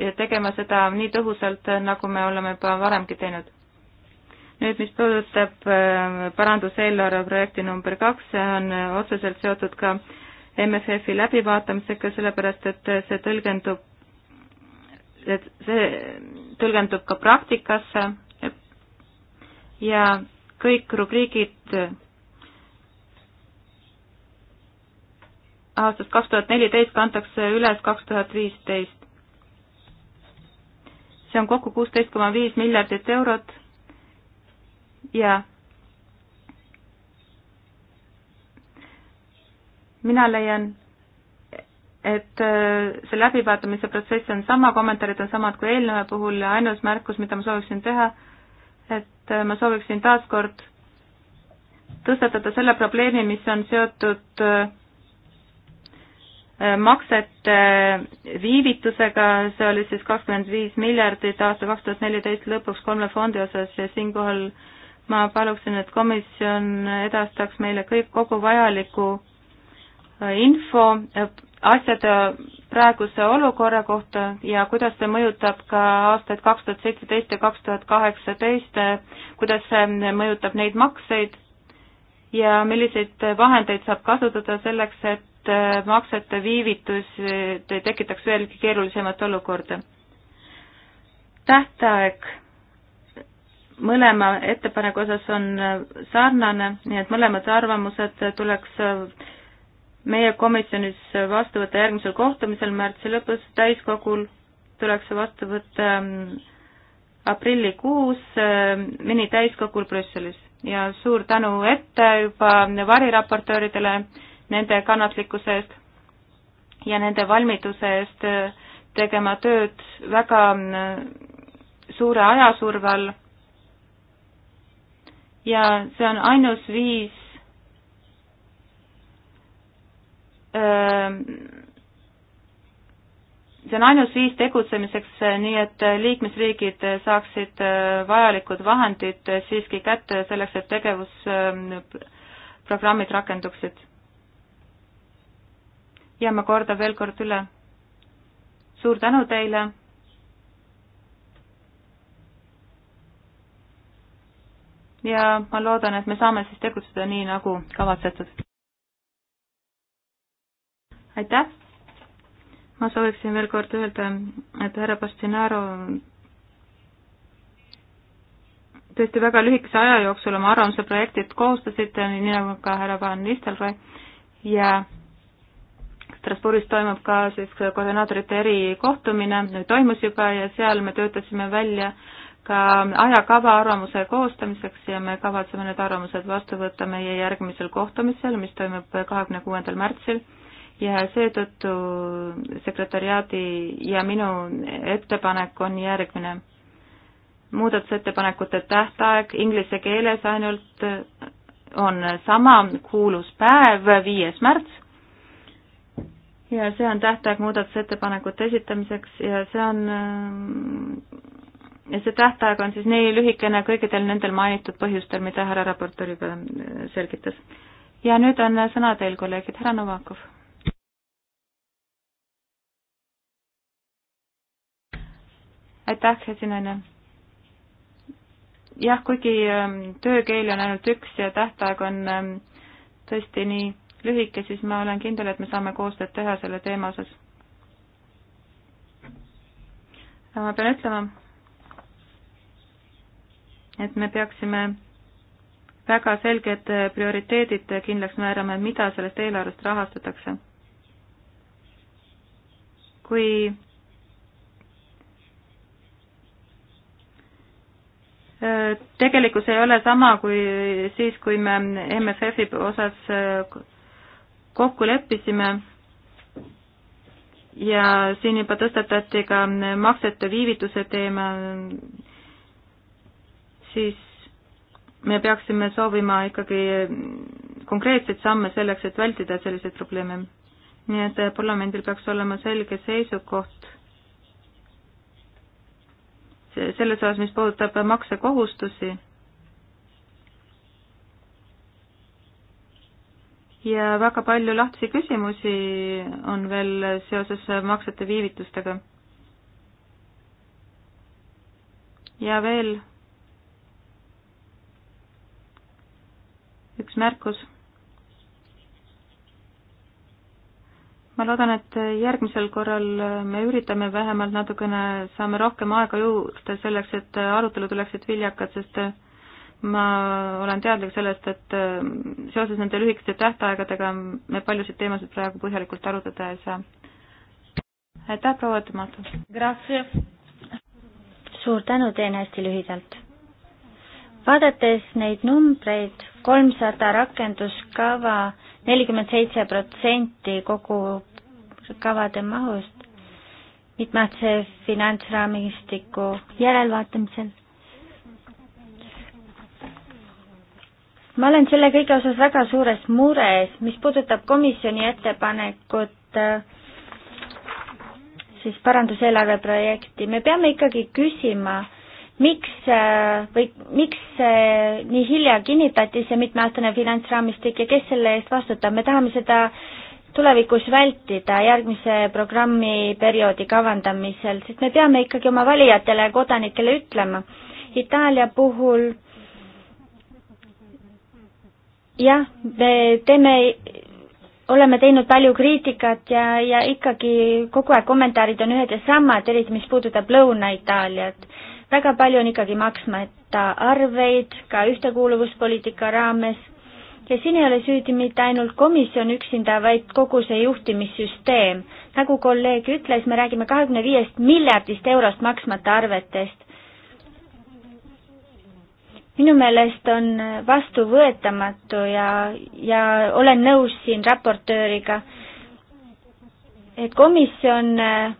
ja tegema seda nii tõhusalt, nagu me oleme juba varemgi teinud. nüüd, mis puudutab äh, paranduseelarve projekti number kaks, see on otseselt seotud ka äh, MFF-i läbivaatamisega, sellepärast et see tõlgendub, et see tõlgendub ka praktikasse ja kõik rubriigid aastast kaks tuhat neliteist kantakse üles kaks tuhat viisteist. see on kokku kuusteist koma viis miljardit eurot ja mina leian, et äh, see läbivaatamise protsess on sama, kommentaarid on samad kui eelneva puhul ja ainus märkus, mida ma sooviksin teha, et äh, ma sooviksin taaskord tõstatada selle probleemi, mis on seotud äh, maksete viivitusega, see oli siis kakskümmend viis miljardit aasta kaks tuhat neliteist lõpuks kolme fondi osas ja siinkohal ma paluksin, et komisjon edastaks meile kõik kogu vajaliku info äh, asjade äh, praeguse olukorra kohta ja kuidas see mõjutab ka aastaid kaks tuhat seitseteist ja kaks tuhat kaheksateist, äh, kuidas see mõjutab neid makseid ja milliseid vahendeid saab kasutada selleks, et maksete viivitus tekitaks veelgi keerulisemat olukorda. tähtaeg mõlema ettepaneku osas on sarnane, nii et mõlemad arvamused tuleks meie komisjonis vastu võtta järgmisel kohtumisel märtsi lõpus, täiskogul tuleks see vastu võtta ähm, aprillikuus ähm, minitäiskogul Brüsselis ja suur tänu ette juba variraportööridele nende kannatlikkuse eest ja nende valmiduse eest äh, tegema tööd väga äh, suure ajasurve all ja see on ainus viis, see on ainus viis tegutsemiseks, nii et liikmesriigid saaksid vajalikud vahendid siiski kätte selleks, et tegevusprogrammid rakenduksid. ja ma kordan veel kord üle. suur tänu teile. ja ma loodan, et me saame siis tegutseda nii, nagu kavatsetud aitäh! ma sooviksin veel kord öelda, et härra Bastinaro tõesti väga lühikese aja jooksul oma arvamuse projektid koostasite, nii nagu ka härra Van Nistelrooy ja Strasbourgis toimub ka siis koordinaatorite erikohtumine, toimus juba ja seal me töötasime välja ka ajakava arvamuse koostamiseks ja me kavatseme need arvamused vastu võtta meie järgmisel kohtumisel, mis toimub kahekümne kuuendal märtsil ja seetõttu sekretariaadi ja minu ettepanek on järgmine. muudatusettepanekute tähtaeg inglise keeles ainult on sama kuulus päev, viies märts, ja see on tähtaeg muudatusettepanekute esitamiseks ja see on ja see tähtaeg on siis nii lühikene kõikidel nendel mainitud põhjustel, mida härra raportöör juba selgitas. ja nüüd on sõna teil, kolleegid, härra Novakov aitäh, esinaine. jah, kuigi ähm, töökeeli on ainult üks ja tähtaeg on ähm, tõesti nii lühike, siis ma olen kindel, et me saame koostööd teha selle teema osas. aga ma pean ütlema, et me peaksime väga selged äh, prioriteedid kindlaks määrama, et mida sellest eelarvest rahastatakse. kui tegelikkus ei ole sama kui siis, kui me MFF-i osas eh, kokku leppisime ja siin juba tõstatati ka maksete viivituse teema, siis me peaksime soovima ikkagi konkreetseid samme selleks, et vältida selliseid probleeme. nii et eh, parlamendil peaks olema selge seisukoht selles osas, mis puudutab maksekohustusi. ja väga palju lahtisi küsimusi on veel seoses maksete viivitustega. ja veel üks märkus ma loodan, et järgmisel korral me üritame vähemalt natukene, saame rohkem aega juurde selleks, et arutelud oleksid viljakad, sest ma olen teadlik sellest, et seoses nende lühikeste tähtaegadega me paljusid teemasid praegu põhjalikult arutada ei saa. aitäh, proua Tõmmatu! suur tänu, teen hästi lühidalt. vaadates neid numbreid, kolmsada rakenduskava nelikümmend seitse protsenti kogu kavade mahust mitmeaastase finantsraamistiku järelvaatamisel. ma olen selle kõige osas väga suures mures, mis puudutab komisjoni ettepanekut äh, siis paranduseelarve projekti, me peame ikkagi küsima, miks äh, või miks äh, nii hilja kinnitati see mitmeaastane finantsraamistik ja kes selle eest vastutab, me tahame seda tulevikus vältida järgmise programmi perioodi kavandamisel, sest me peame ikkagi oma valijatele ja kodanikele ütlema. Itaalia puhul jah, me teeme, oleme teinud palju kriitikat ja, ja ikkagi kogu aeg kommentaarid on ühed ja samad, eriti mis puudutab Lõuna-Itaaliat väga palju on ikkagi maksmata arveid ka ühtekuuluvuspoliitika raames ja siin ei ole süüdi mitte ainult komisjon üksinda, vaid kogu see juhtimissüsteem. nagu kolleeg ütles, me räägime kahekümne viiest miljardist eurost maksmata arvetest. minu meelest on vastuvõetamatu ja, ja olen nõus siin raportööriga, et komisjon äh,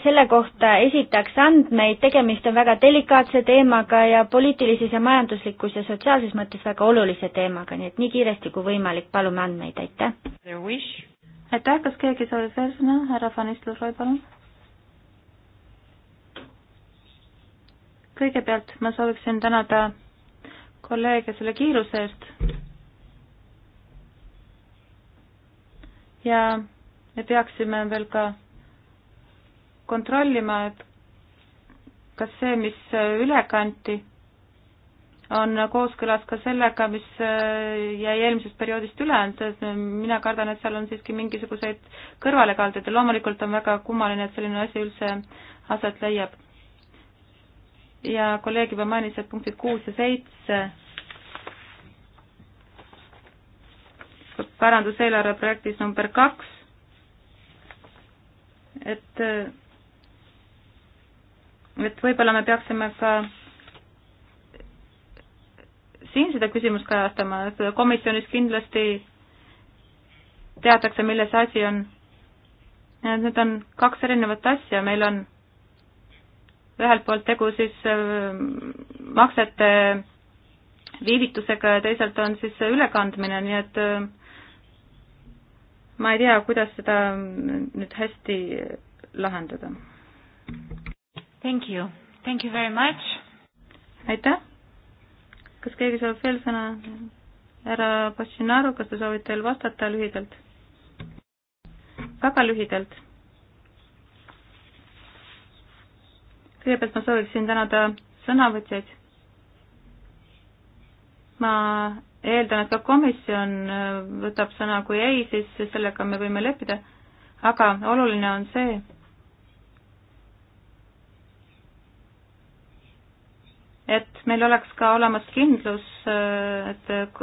selle kohta esitaks andmeid, tegemist on väga delikaatse teemaga ja poliitilises ja majanduslikus ja sotsiaalses mõttes väga olulise teemaga, nii et nii kiiresti kui võimalik, palume andmeid, aitäh! aitäh, kas keegi soovib veel sõna, härra Fanistus-Roy, palun! kõigepealt ma sooviksin tänada kolleege selle kiiruse eest ja me peaksime veel ka kontrollima, et kas see, mis üle kanti, on kooskõlas ka sellega, mis jäi eelmisest perioodist üle, et mina kardan, et seal on siiski mingisuguseid kõrvalekaldeid ja loomulikult on väga kummaline, et selline asi üldse aset leiab. ja kolleeg juba mainis, et punktid kuus ja seitse paranduseelarve projektis number kaks, et et võib-olla me peaksime ka siin seda küsimust kajastama, et komisjonis kindlasti teatakse, milles asi on. Need on kaks erinevat asja, meil on ühelt poolt tegu siis äh, maksete viivitusega ja teisalt on siis ülekandmine, nii et äh, ma ei tea, kuidas seda äh, nüüd hästi lahendada Thank you, thank you very much. aitäh. kas keegi soovib veel sõna? härra Bassinaru, kas te soovite veel vastata lühidalt? väga lühidalt. kõigepealt ma sooviksin tänada sõnavõtjaid. ma eeldan, et ka komisjon äh, võtab sõna, kui ei, siis sellega me võime leppida. aga oluline on see, et meil oleks ka olemas kindlus, äh, et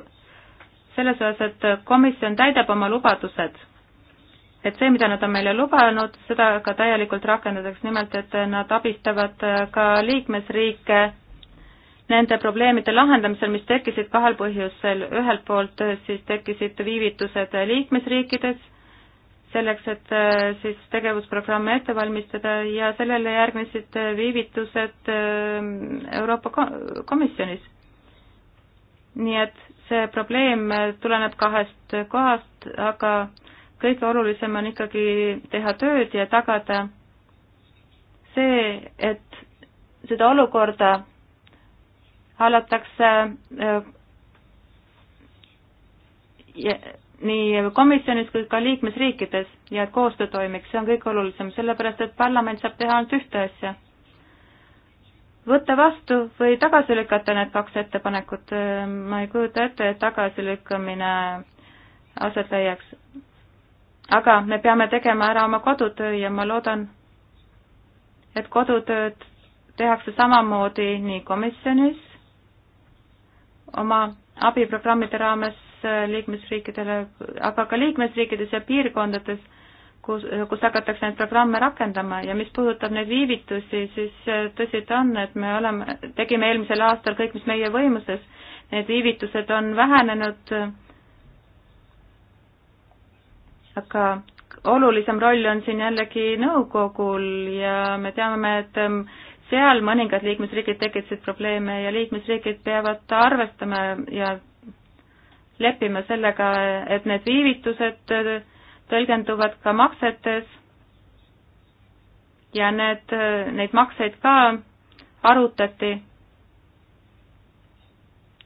selles osas, et komisjon täidab oma lubadused. et see, mida nad on meile lubanud, seda ka täielikult rakendatakse, nimelt et nad abistavad äh, ka liikmesriike nende probleemide lahendamisel, mis tekkisid kahel põhjusel, ühelt poolt äh, siis tekkisid viivitused liikmesriikides selleks, et äh, siis tegevusprogramme ette valmistada ja sellele järgnesid äh, viivitused äh, Euroopa Komisjonis. nii et see probleem tuleneb kahest kohast, aga kõige olulisem on ikkagi teha tööd ja tagada see, et seda olukorda hallatakse nii komisjonis kui ka liikmesriikides ja et koostöö toimiks, see on kõige olulisem, sellepärast et parlament saab teha ainult ühte asja. võtta vastu või tagasi lükata need kaks ettepanekut, äh, ma ei kujuta ette, et tagasilükkamine aset leiaks. aga me peame tegema ära oma kodutöö ja ma loodan, et kodutööd tehakse samamoodi nii komisjonis oma abiprogrammide raames liikmesriikidele, aga ka liikmesriikides ja piirkondades, kus, kus hakatakse neid programme rakendama ja mis puudutab neid viivitusi, siis äh, tõsi ta on, et me oleme, tegime eelmisel aastal kõik, mis meie võimuses, need viivitused on vähenenud, aga olulisem roll on siin jällegi nõukogul ja me teame, et ähm, seal mõningad liikmesriigid tekitasid probleeme ja liikmesriigid peavad arvestama ja leppima sellega, et need viivitused tõlgenduvad ka maksetes ja need, neid makseid ka arutati.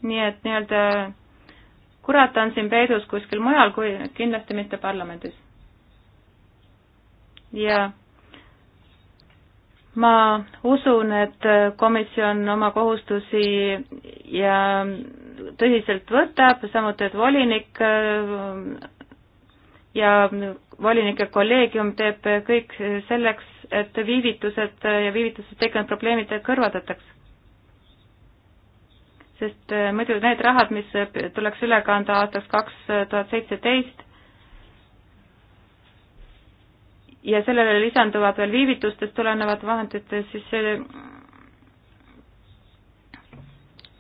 nii et nii-öelda kurat on siin peidus kuskil mujal, kui kindlasti mitte parlamendis. ja ma usun, et komisjon oma kohustusi ja tõsiselt võtab, samuti et volinik äh, ja volinike kolleegium teeb kõik selleks, et viivitused ja viivitused tekkinud probleemid kõrvaldataks. sest äh, muidu need rahad, mis tuleks üle kanda aastaks kaks tuhat seitseteist ja sellele lisanduvad veel viivitustest tulenevad vahendid, siis äh,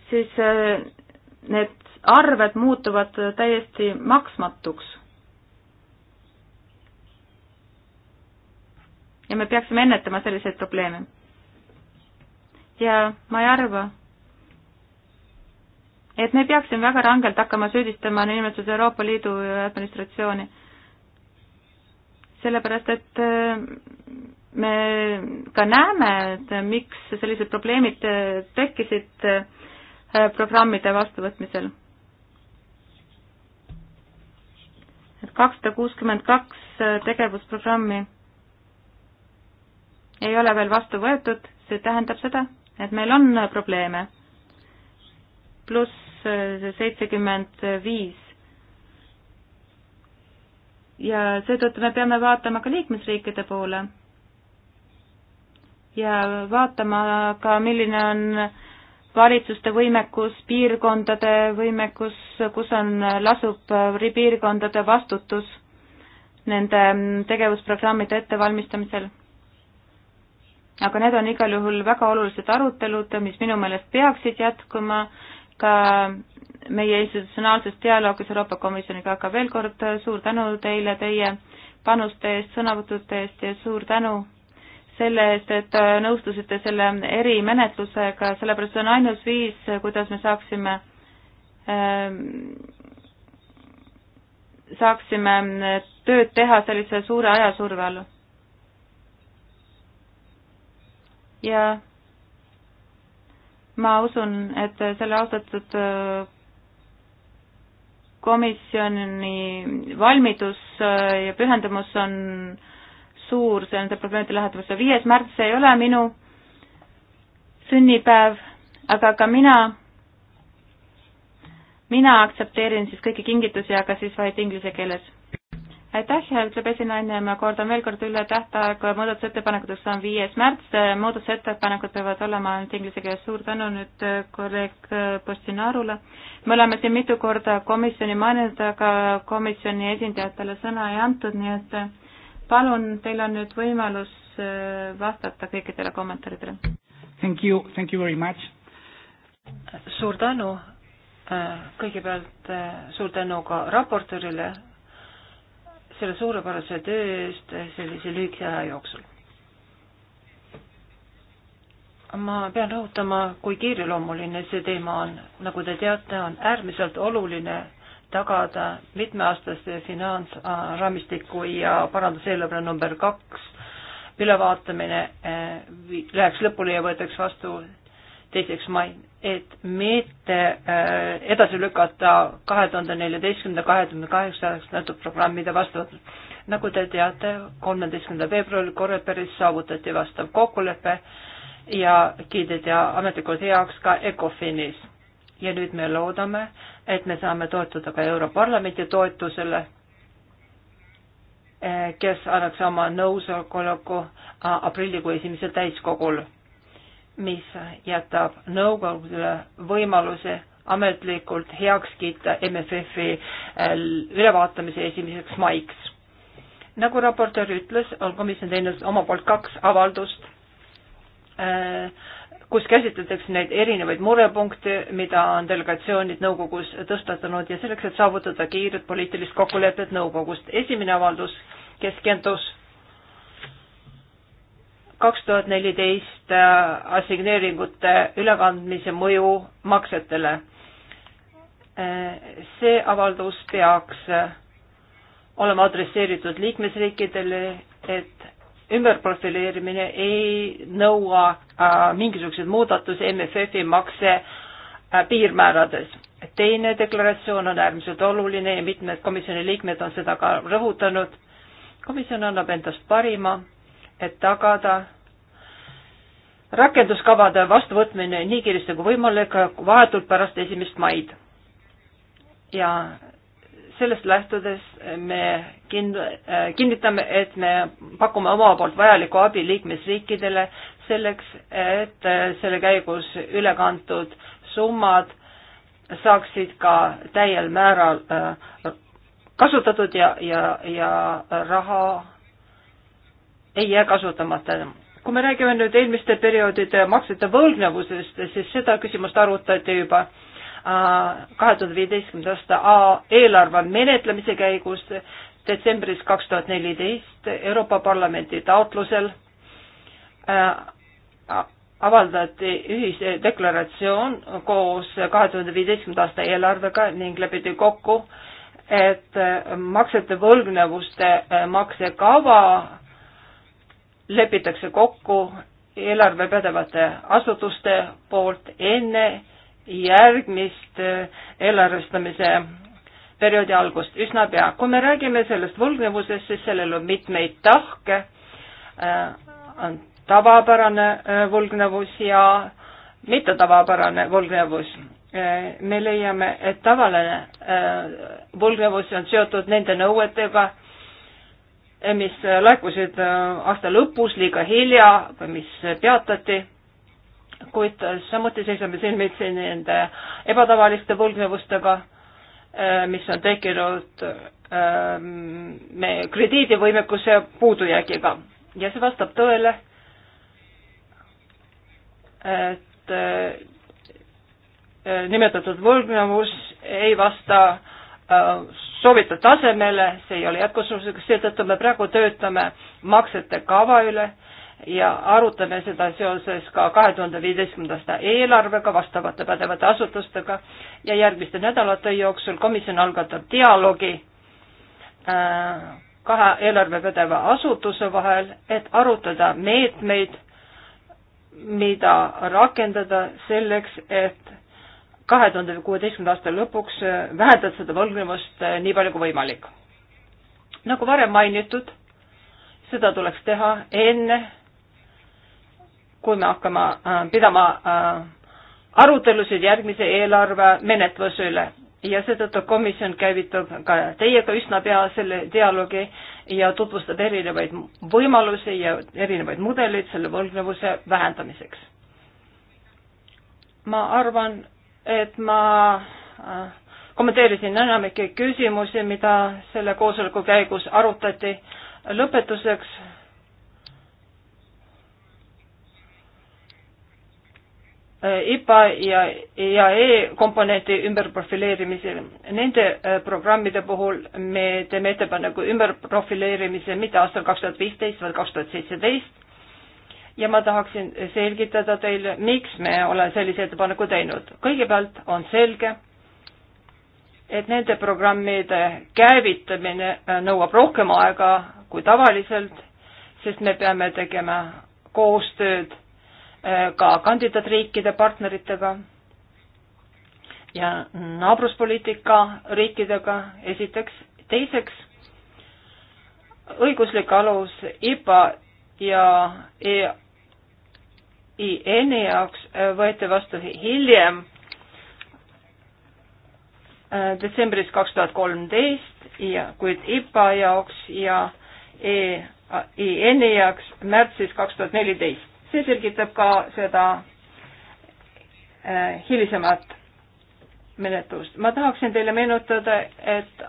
siis need arved muutuvad täiesti maksmatuks. ja me peaksime ennetama selliseid probleeme. ja ma ei arva, et me peaksime väga rangelt hakkama süüdistama niinimetatud Euroopa Liidu administratsiooni. sellepärast, et äh, me ka näeme, et miks sellised probleemid äh, tekkisid äh, Äh, programmide vastuvõtmisel. et kakssada kuuskümmend kaks äh, tegevusprogrammi ei ole veel vastu võetud, see tähendab seda, et meil on äh, probleeme. pluss seitsekümmend viis. ja seetõttu me peame vaatama ka liikmesriikide poole ja vaatama ka, milline on valitsuste võimekus, piirkondade võimekus, kus on, lasub piirkondade vastutus nende tegevusprogrammide ettevalmistamisel. aga need on igal juhul väga olulised arutelud, mis minu meelest peaksid jätkuma ka meie institutsionaalses dialoogis Euroopa Komisjoniga, aga veel kord suur tänu teile teie panuste eest, sõnavõtute eest ja suur tänu selle eest, et äh, nõustusite selle erimenetlusega, sellepärast see on ainus viis, kuidas me saaksime ähm, saaksime äh, tööd teha sellise suure ajasurve all. ja ma usun, et selle austatud äh, komisjoni valmidus ja pühendumus on äh, suur see nende probleemide lahendamine. viies märts ei ole minu sünnipäev, aga ka mina, mina aktsepteerin siis kõiki kingitusi, aga siis vaid inglise keeles. aitäh, ütleb esinaine, ma kordan veel kord üle, tähtaeg muudatusettepanekuteks on viies märts, muudatusettepanekud peavad olema ainult inglise keeles, suur tänu nüüd äh, kolleeg äh, Postinarule. me oleme siin mitu korda komisjoni maininud, aga komisjoni esindajatele sõna ei antud, nii et äh, palun, teil on nüüd võimalus äh, vastata kõikidele kommentaaridele. Thank you, thank you very much. suur tänu, äh, kõigepealt äh, suur tänu ka raportöörile selle suurepärase töö eest sellise lühikese aja jooksul. ma pean rõhutama, kui kiireloomuline see teema on. nagu te teate, on äärmiselt oluline tagada mitmeaastaste finantsraamistiku ja paranduseelarve number kaks ülevaatamine eh, läheks lõpule ja võetaks vastu teiseks mai, et mitte eh, edasi lükata kahe tuhande neljateistkümnenda, kahekümne kaheksanda programmide vastuvõtmist. nagu te teate, kolmeteistkümnendal veebruaril Korreperis saavutati vastav kokkulepe ja kiideti ametlikult heaks ka ECOFINis ja nüüd me loodame, et me saame toetuda ka Europarlamendi toetusele, eh, kes annaks oma nõusoleku ah, aprillikuu esimesel täiskogul, mis jätab nõukogule võimaluse ametlikult heaks kiita MFF-i eh, ülevaatamise esimeseks maiks. nagu raportöör ütles, on komisjon teinud oma poolt kaks avaldust äh, kus käsitletakse neid erinevaid murepunkte, mida on delegatsioonid nõukogus tõstatanud ja selleks, et saavutada kiiret poliitilist kokkulepet nõukogust. esimene avaldus keskendus kaks tuhat neliteist äh, assigneeringute ülekandmise mõju maksetele. Äh, see avaldus peaks äh, olema adresseeritud liikmesriikidele, et ümberprofileerimine ei nõua äh, mingisuguseid muudatusi MFF-i makse äh, piirmäärades. teine deklaratsioon on äärmiselt oluline ja mitmed komisjoni liikmed on seda ka rõhutanud. komisjon annab endast parima, et tagada rakenduskavade vastuvõtmine nii kiiresti kui võimalik, vahetult pärast esimest maid. ja sellest lähtudes me kind-, äh, kinnitame, et me pakume oma poolt vajalikku abi liikmesriikidele selleks, et äh, selle käigus üle kantud summad saaksid ka täiel määral äh, kasutatud ja, ja, ja raha ei jää kasutamata. kui me räägime nüüd eelmiste perioodide maksete võlgnevusest, siis seda küsimust arutati juba äh, kahe tuhande viieteistkümnenda aasta eelarve menetlemise käigus detsembris kaks tuhat neliteist Euroopa Parlamendi taotlusel äh, avaldati ühise deklaratsioon koos kahe tuhande viieteistkümnenda aasta eelarvega ning lepiti kokku, et äh, maksete võlgnevuste äh, maksekava lepitakse kokku eelarvepädevate asutuste poolt enne järgmist äh, eelarvestamise perioodi algust üsna pea. kui me räägime sellest võlgnevusest, siis sellel on mitmeid tahke, äh, on tavapärane äh, võlgnevus ja mittetavapärane võlgnevus. me leiame, et tavaline võlgnevus on seotud nende nõuetega, mis laekusid aasta lõpus liiga hilja või mis peatati kuid samuti seisame silmitsi nende ebatavaliste võlgnevustega, äh, mis on tekkinud ähm, me krediidivõimekuse puudujäägiga ja see vastab tõele, et äh, nimetatud võlgnevus ei vasta äh, soovitud tasemele, see ei ole jätkusuutlik, seetõttu me praegu töötame maksete kava üle ja arutame seda seoses ka kahe tuhande viieteistkümnenda aasta eelarvega, vastavate pädevate asutustega ja järgmiste nädalate jooksul komisjon algatab dialoogi äh, kahe eelarvepädeva asutuse vahel, et arutada meetmeid, mida rakendada selleks, et kahe tuhande kuueteistkümnenda aasta lõpuks äh, vähendada seda võlgnevust äh, nii palju kui võimalik. nagu varem mainitud, seda tuleks teha enne kui me hakkame äh, pidama äh, arutelusid järgmise eelarve menetluse üle ja seetõttu komisjon käivitab ka teiega üsna pea selle dialoogi ja tutvustab erinevaid võimalusi ja erinevaid mudeleid selle võlgnevuse vähendamiseks. ma arvan, et ma äh, kommenteerisin enamike küsimusi, mida selle koosoleku käigus arutati. lõpetuseks IPA ja EAE e komponenti ümberprofileerimisel. Nende äh, programmide puhul me teeme ettepaneku ümberprofileerimise mitte aastal kaks tuhat viisteist, vaid kaks tuhat seitseteist. ja ma tahaksin selgitada teile, miks me oleme sellise ettepaneku teinud. kõigepealt on selge, et nende programmide käivitamine äh, nõuab rohkem aega kui tavaliselt, sest me peame tegema koostööd Äh, ka kandidaatriikide partneritega ja naabruspoliitika riikidega, esiteks. teiseks, õiguslik alus IPA ja EIN-i jaoks äh, võeti vastu hiljem äh, detsembris kaks tuhat kolmteist ja kuid IPA jaoks ja EIN-i jaoks märtsis kaks tuhat neliteist see selgitab ka seda äh, hilisemat menetlust. ma tahaksin teile meenutada, et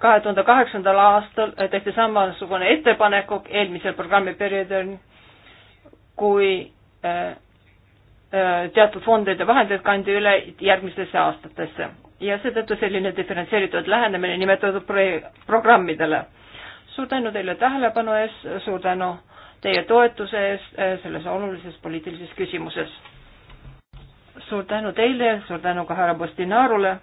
kahe tuhande kaheksandal aastal tehti samasugune ettepanek eelmisel programmiperioodil, kui äh, äh, teatud fondide vahendeid kandi üle järgmistesse aastatesse ja seetõttu selline diferentseeritud lähenemine nimetatud pro programmidele. suur tänu teile tähelepanu eest, suur tänu äh, teie toetuse eest eh, selles olulises poliitilises küsimuses. suur tänu teile, suur tänu ka härra Postinaarule.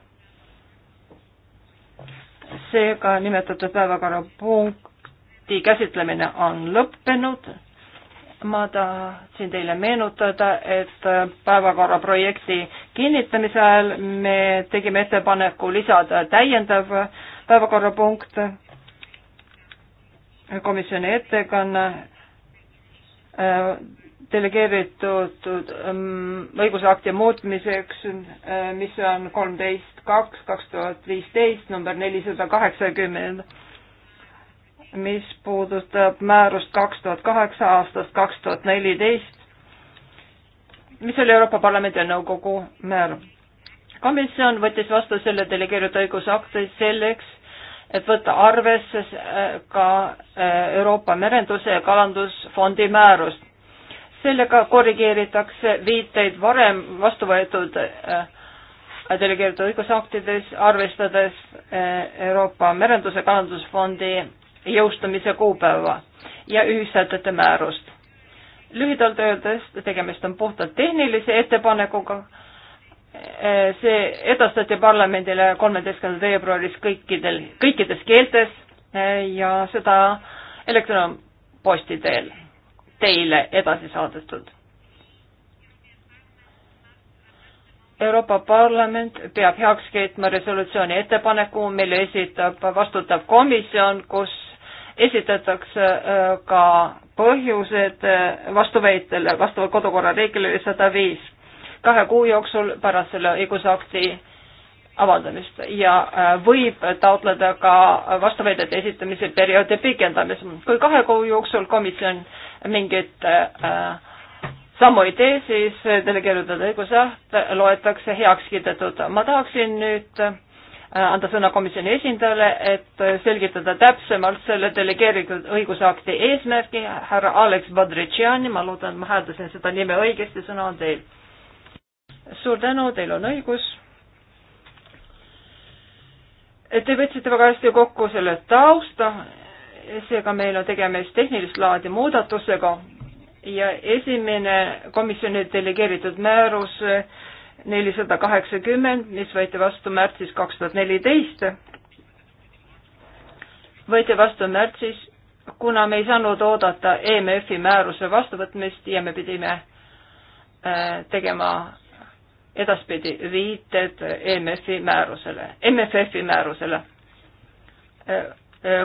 seega nimetatud päevakorrapunkti käsitlemine on lõppenud. ma tahtsin teile meenutada, et päevakorra projekti kinnitamise ajal me tegime ettepaneku lisada täiendav päevakorrapunkt komisjoni ettekanne Äh, delegeeritud ähm, õigusakti muutmiseks, äh, mis on kolmteist kaks kaks tuhat viisteist number nelisada kaheksakümmend, mis puudutab määrust kaks tuhat kaheksa aastast kaks tuhat neliteist, mis oli Euroopa Parlamendi ja Nõukogu määr. komisjon võttis vastu selle delegeeritud õigusakti selleks, et võtta arvesse äh, ka äh, Euroopa Merenduse ja Kalandusfondi määrust. sellega korrigeeritakse viiteid varem vastu võetud äh, delegeeritud õigusaktides, arvestades Euroopa Merenduse ja Kalandusfondi jõustumise kuupäeva ja ühissätete määrust. lühidalt öeldes tegemist on puhtalt tehnilise ettepanekuga Eh, see edastati parlamendile kolmeteistkümnendal veebruaris kõikidel, kõikides keeltes eh, ja seda elektronposti teel teile edasi saadetud. Euroopa Parlament peab heaks kiitma resolutsiooni ettepaneku, mille esitab vastutav komisjon, kus esitatakse eh, ka põhjused vastuväitele vastavalt kodukorra reeglile sada viis kahe kuu jooksul pärast selle õigusakti avaldamist ja äh, võib taotleda ka vastuväidete esitamise perioodi pikendamist. kui kahe kuu jooksul komisjon mingit äh, sammu ei tee, siis delegeeritud õigusakt loetakse heaks kiidetud. ma tahaksin nüüd äh, anda sõna komisjoni esindajale, et selgitada täpsemalt selle delegeeritud õigusakti eesmärgi, härra Alex Badritšiani, ma loodan, ma hääldasin seda nime õigesti, sõna on teil suur tänu, teil on õigus. Te võtsite väga hästi kokku selle tausta, seega meil on tegemist tehnilist laadi muudatusega ja esimene komisjoni delegeeritud määrus nelisada kaheksakümmend, mis võeti vastu märtsis kaks tuhat neliteist, võeti vastu märtsis, kuna me ei saanud oodata EMF-i määruse vastuvõtmist ja me pidime äh, tegema edaspidi viited EMF-i määrusele, MFF-i määrusele. Äh, äh,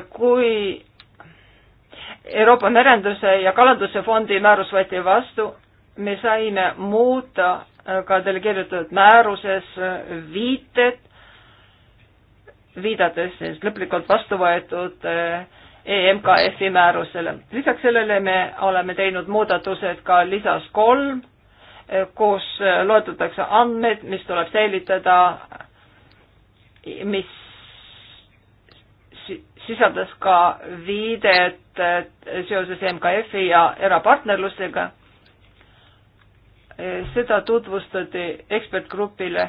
kui Euroopa Merenduse ja Kalanduse Fondi määrus võeti vastu, me saime muuta äh, ka delegeeritud määruses viited, viidates siis lõplikult vastu võetud EMKF-i määrusele. lisaks sellele me oleme teinud muudatused ka lisas kolm kus äh, loetletakse andmed, mis tuleb säilitada, mis sisaldas ka viidet äh, seoses MKF-i ja erapartnerlusega. Äh, seda tutvustati ekspertgrupile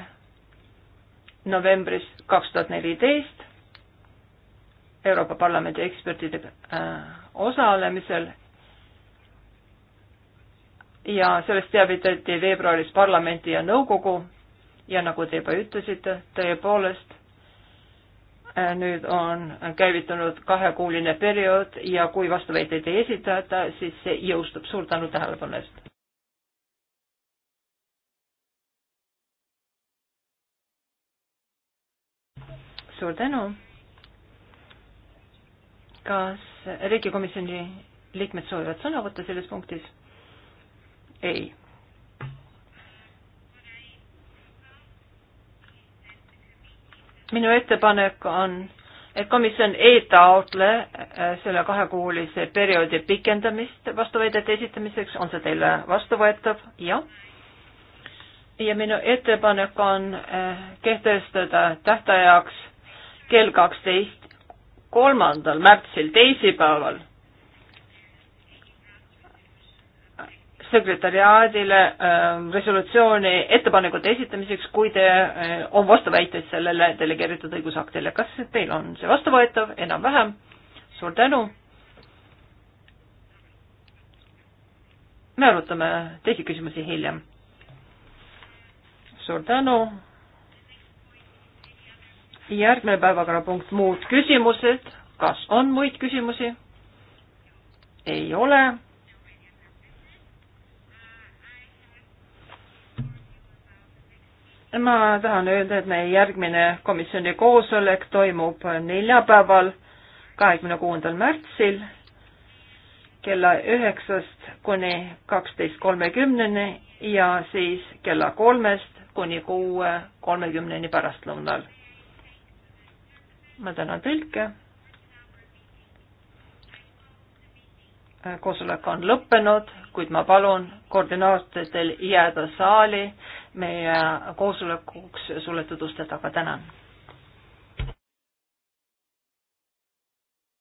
novembris kaks tuhat neliteist Euroopa Parlamendi ekspertide osalemisel ja sellest teavitati veebruaris parlamenti ja nõukogu ja nagu te juba ütlesite, tõepoolest äh, nüüd on käivitunud kahekuuline periood ja kui vastuväiteid ei esitata, siis see jõustub. suur tänu tähelepanu eest. suur tänu. kas riigikomisjoni liikmed soovivad sõna võtta selles punktis? ei. minu ettepanek on, et komisjon ei taotle äh, selle kahekuulise perioodi pikendamist vastuväidete esitamiseks, on see teile vastuvõetav? jah. ja minu ettepanek on äh, kehtestada tähtajaks kell kaksteist kolmandal märtsil, teisipäeval sekretäriaadile ähm, resolutsiooni ettepanekute esitamiseks, kui te, äh, on vastuväiteid sellele delegeeritud õigusaktile. kas teil on see vastuvõetav, enam-vähem? suur tänu. me arutame teisi küsimusi hiljem. suur tänu. järgmine päevakorrapunkt, muud küsimused. kas on muid küsimusi? ei ole ma tahan öelda, et meie järgmine komisjoni koosolek toimub neljapäeval, kahekümne kuuendal märtsil kella üheksast kuni kaksteist kolmekümneni ja siis kella kolmest kuni kuue kolmekümneni pärastlõunal. ma tänan tõlke. koosolek on lõppenud, kuid ma palun koordinaatoritel jääda saali meie koosolekuks sulle tutvustada, aga tänan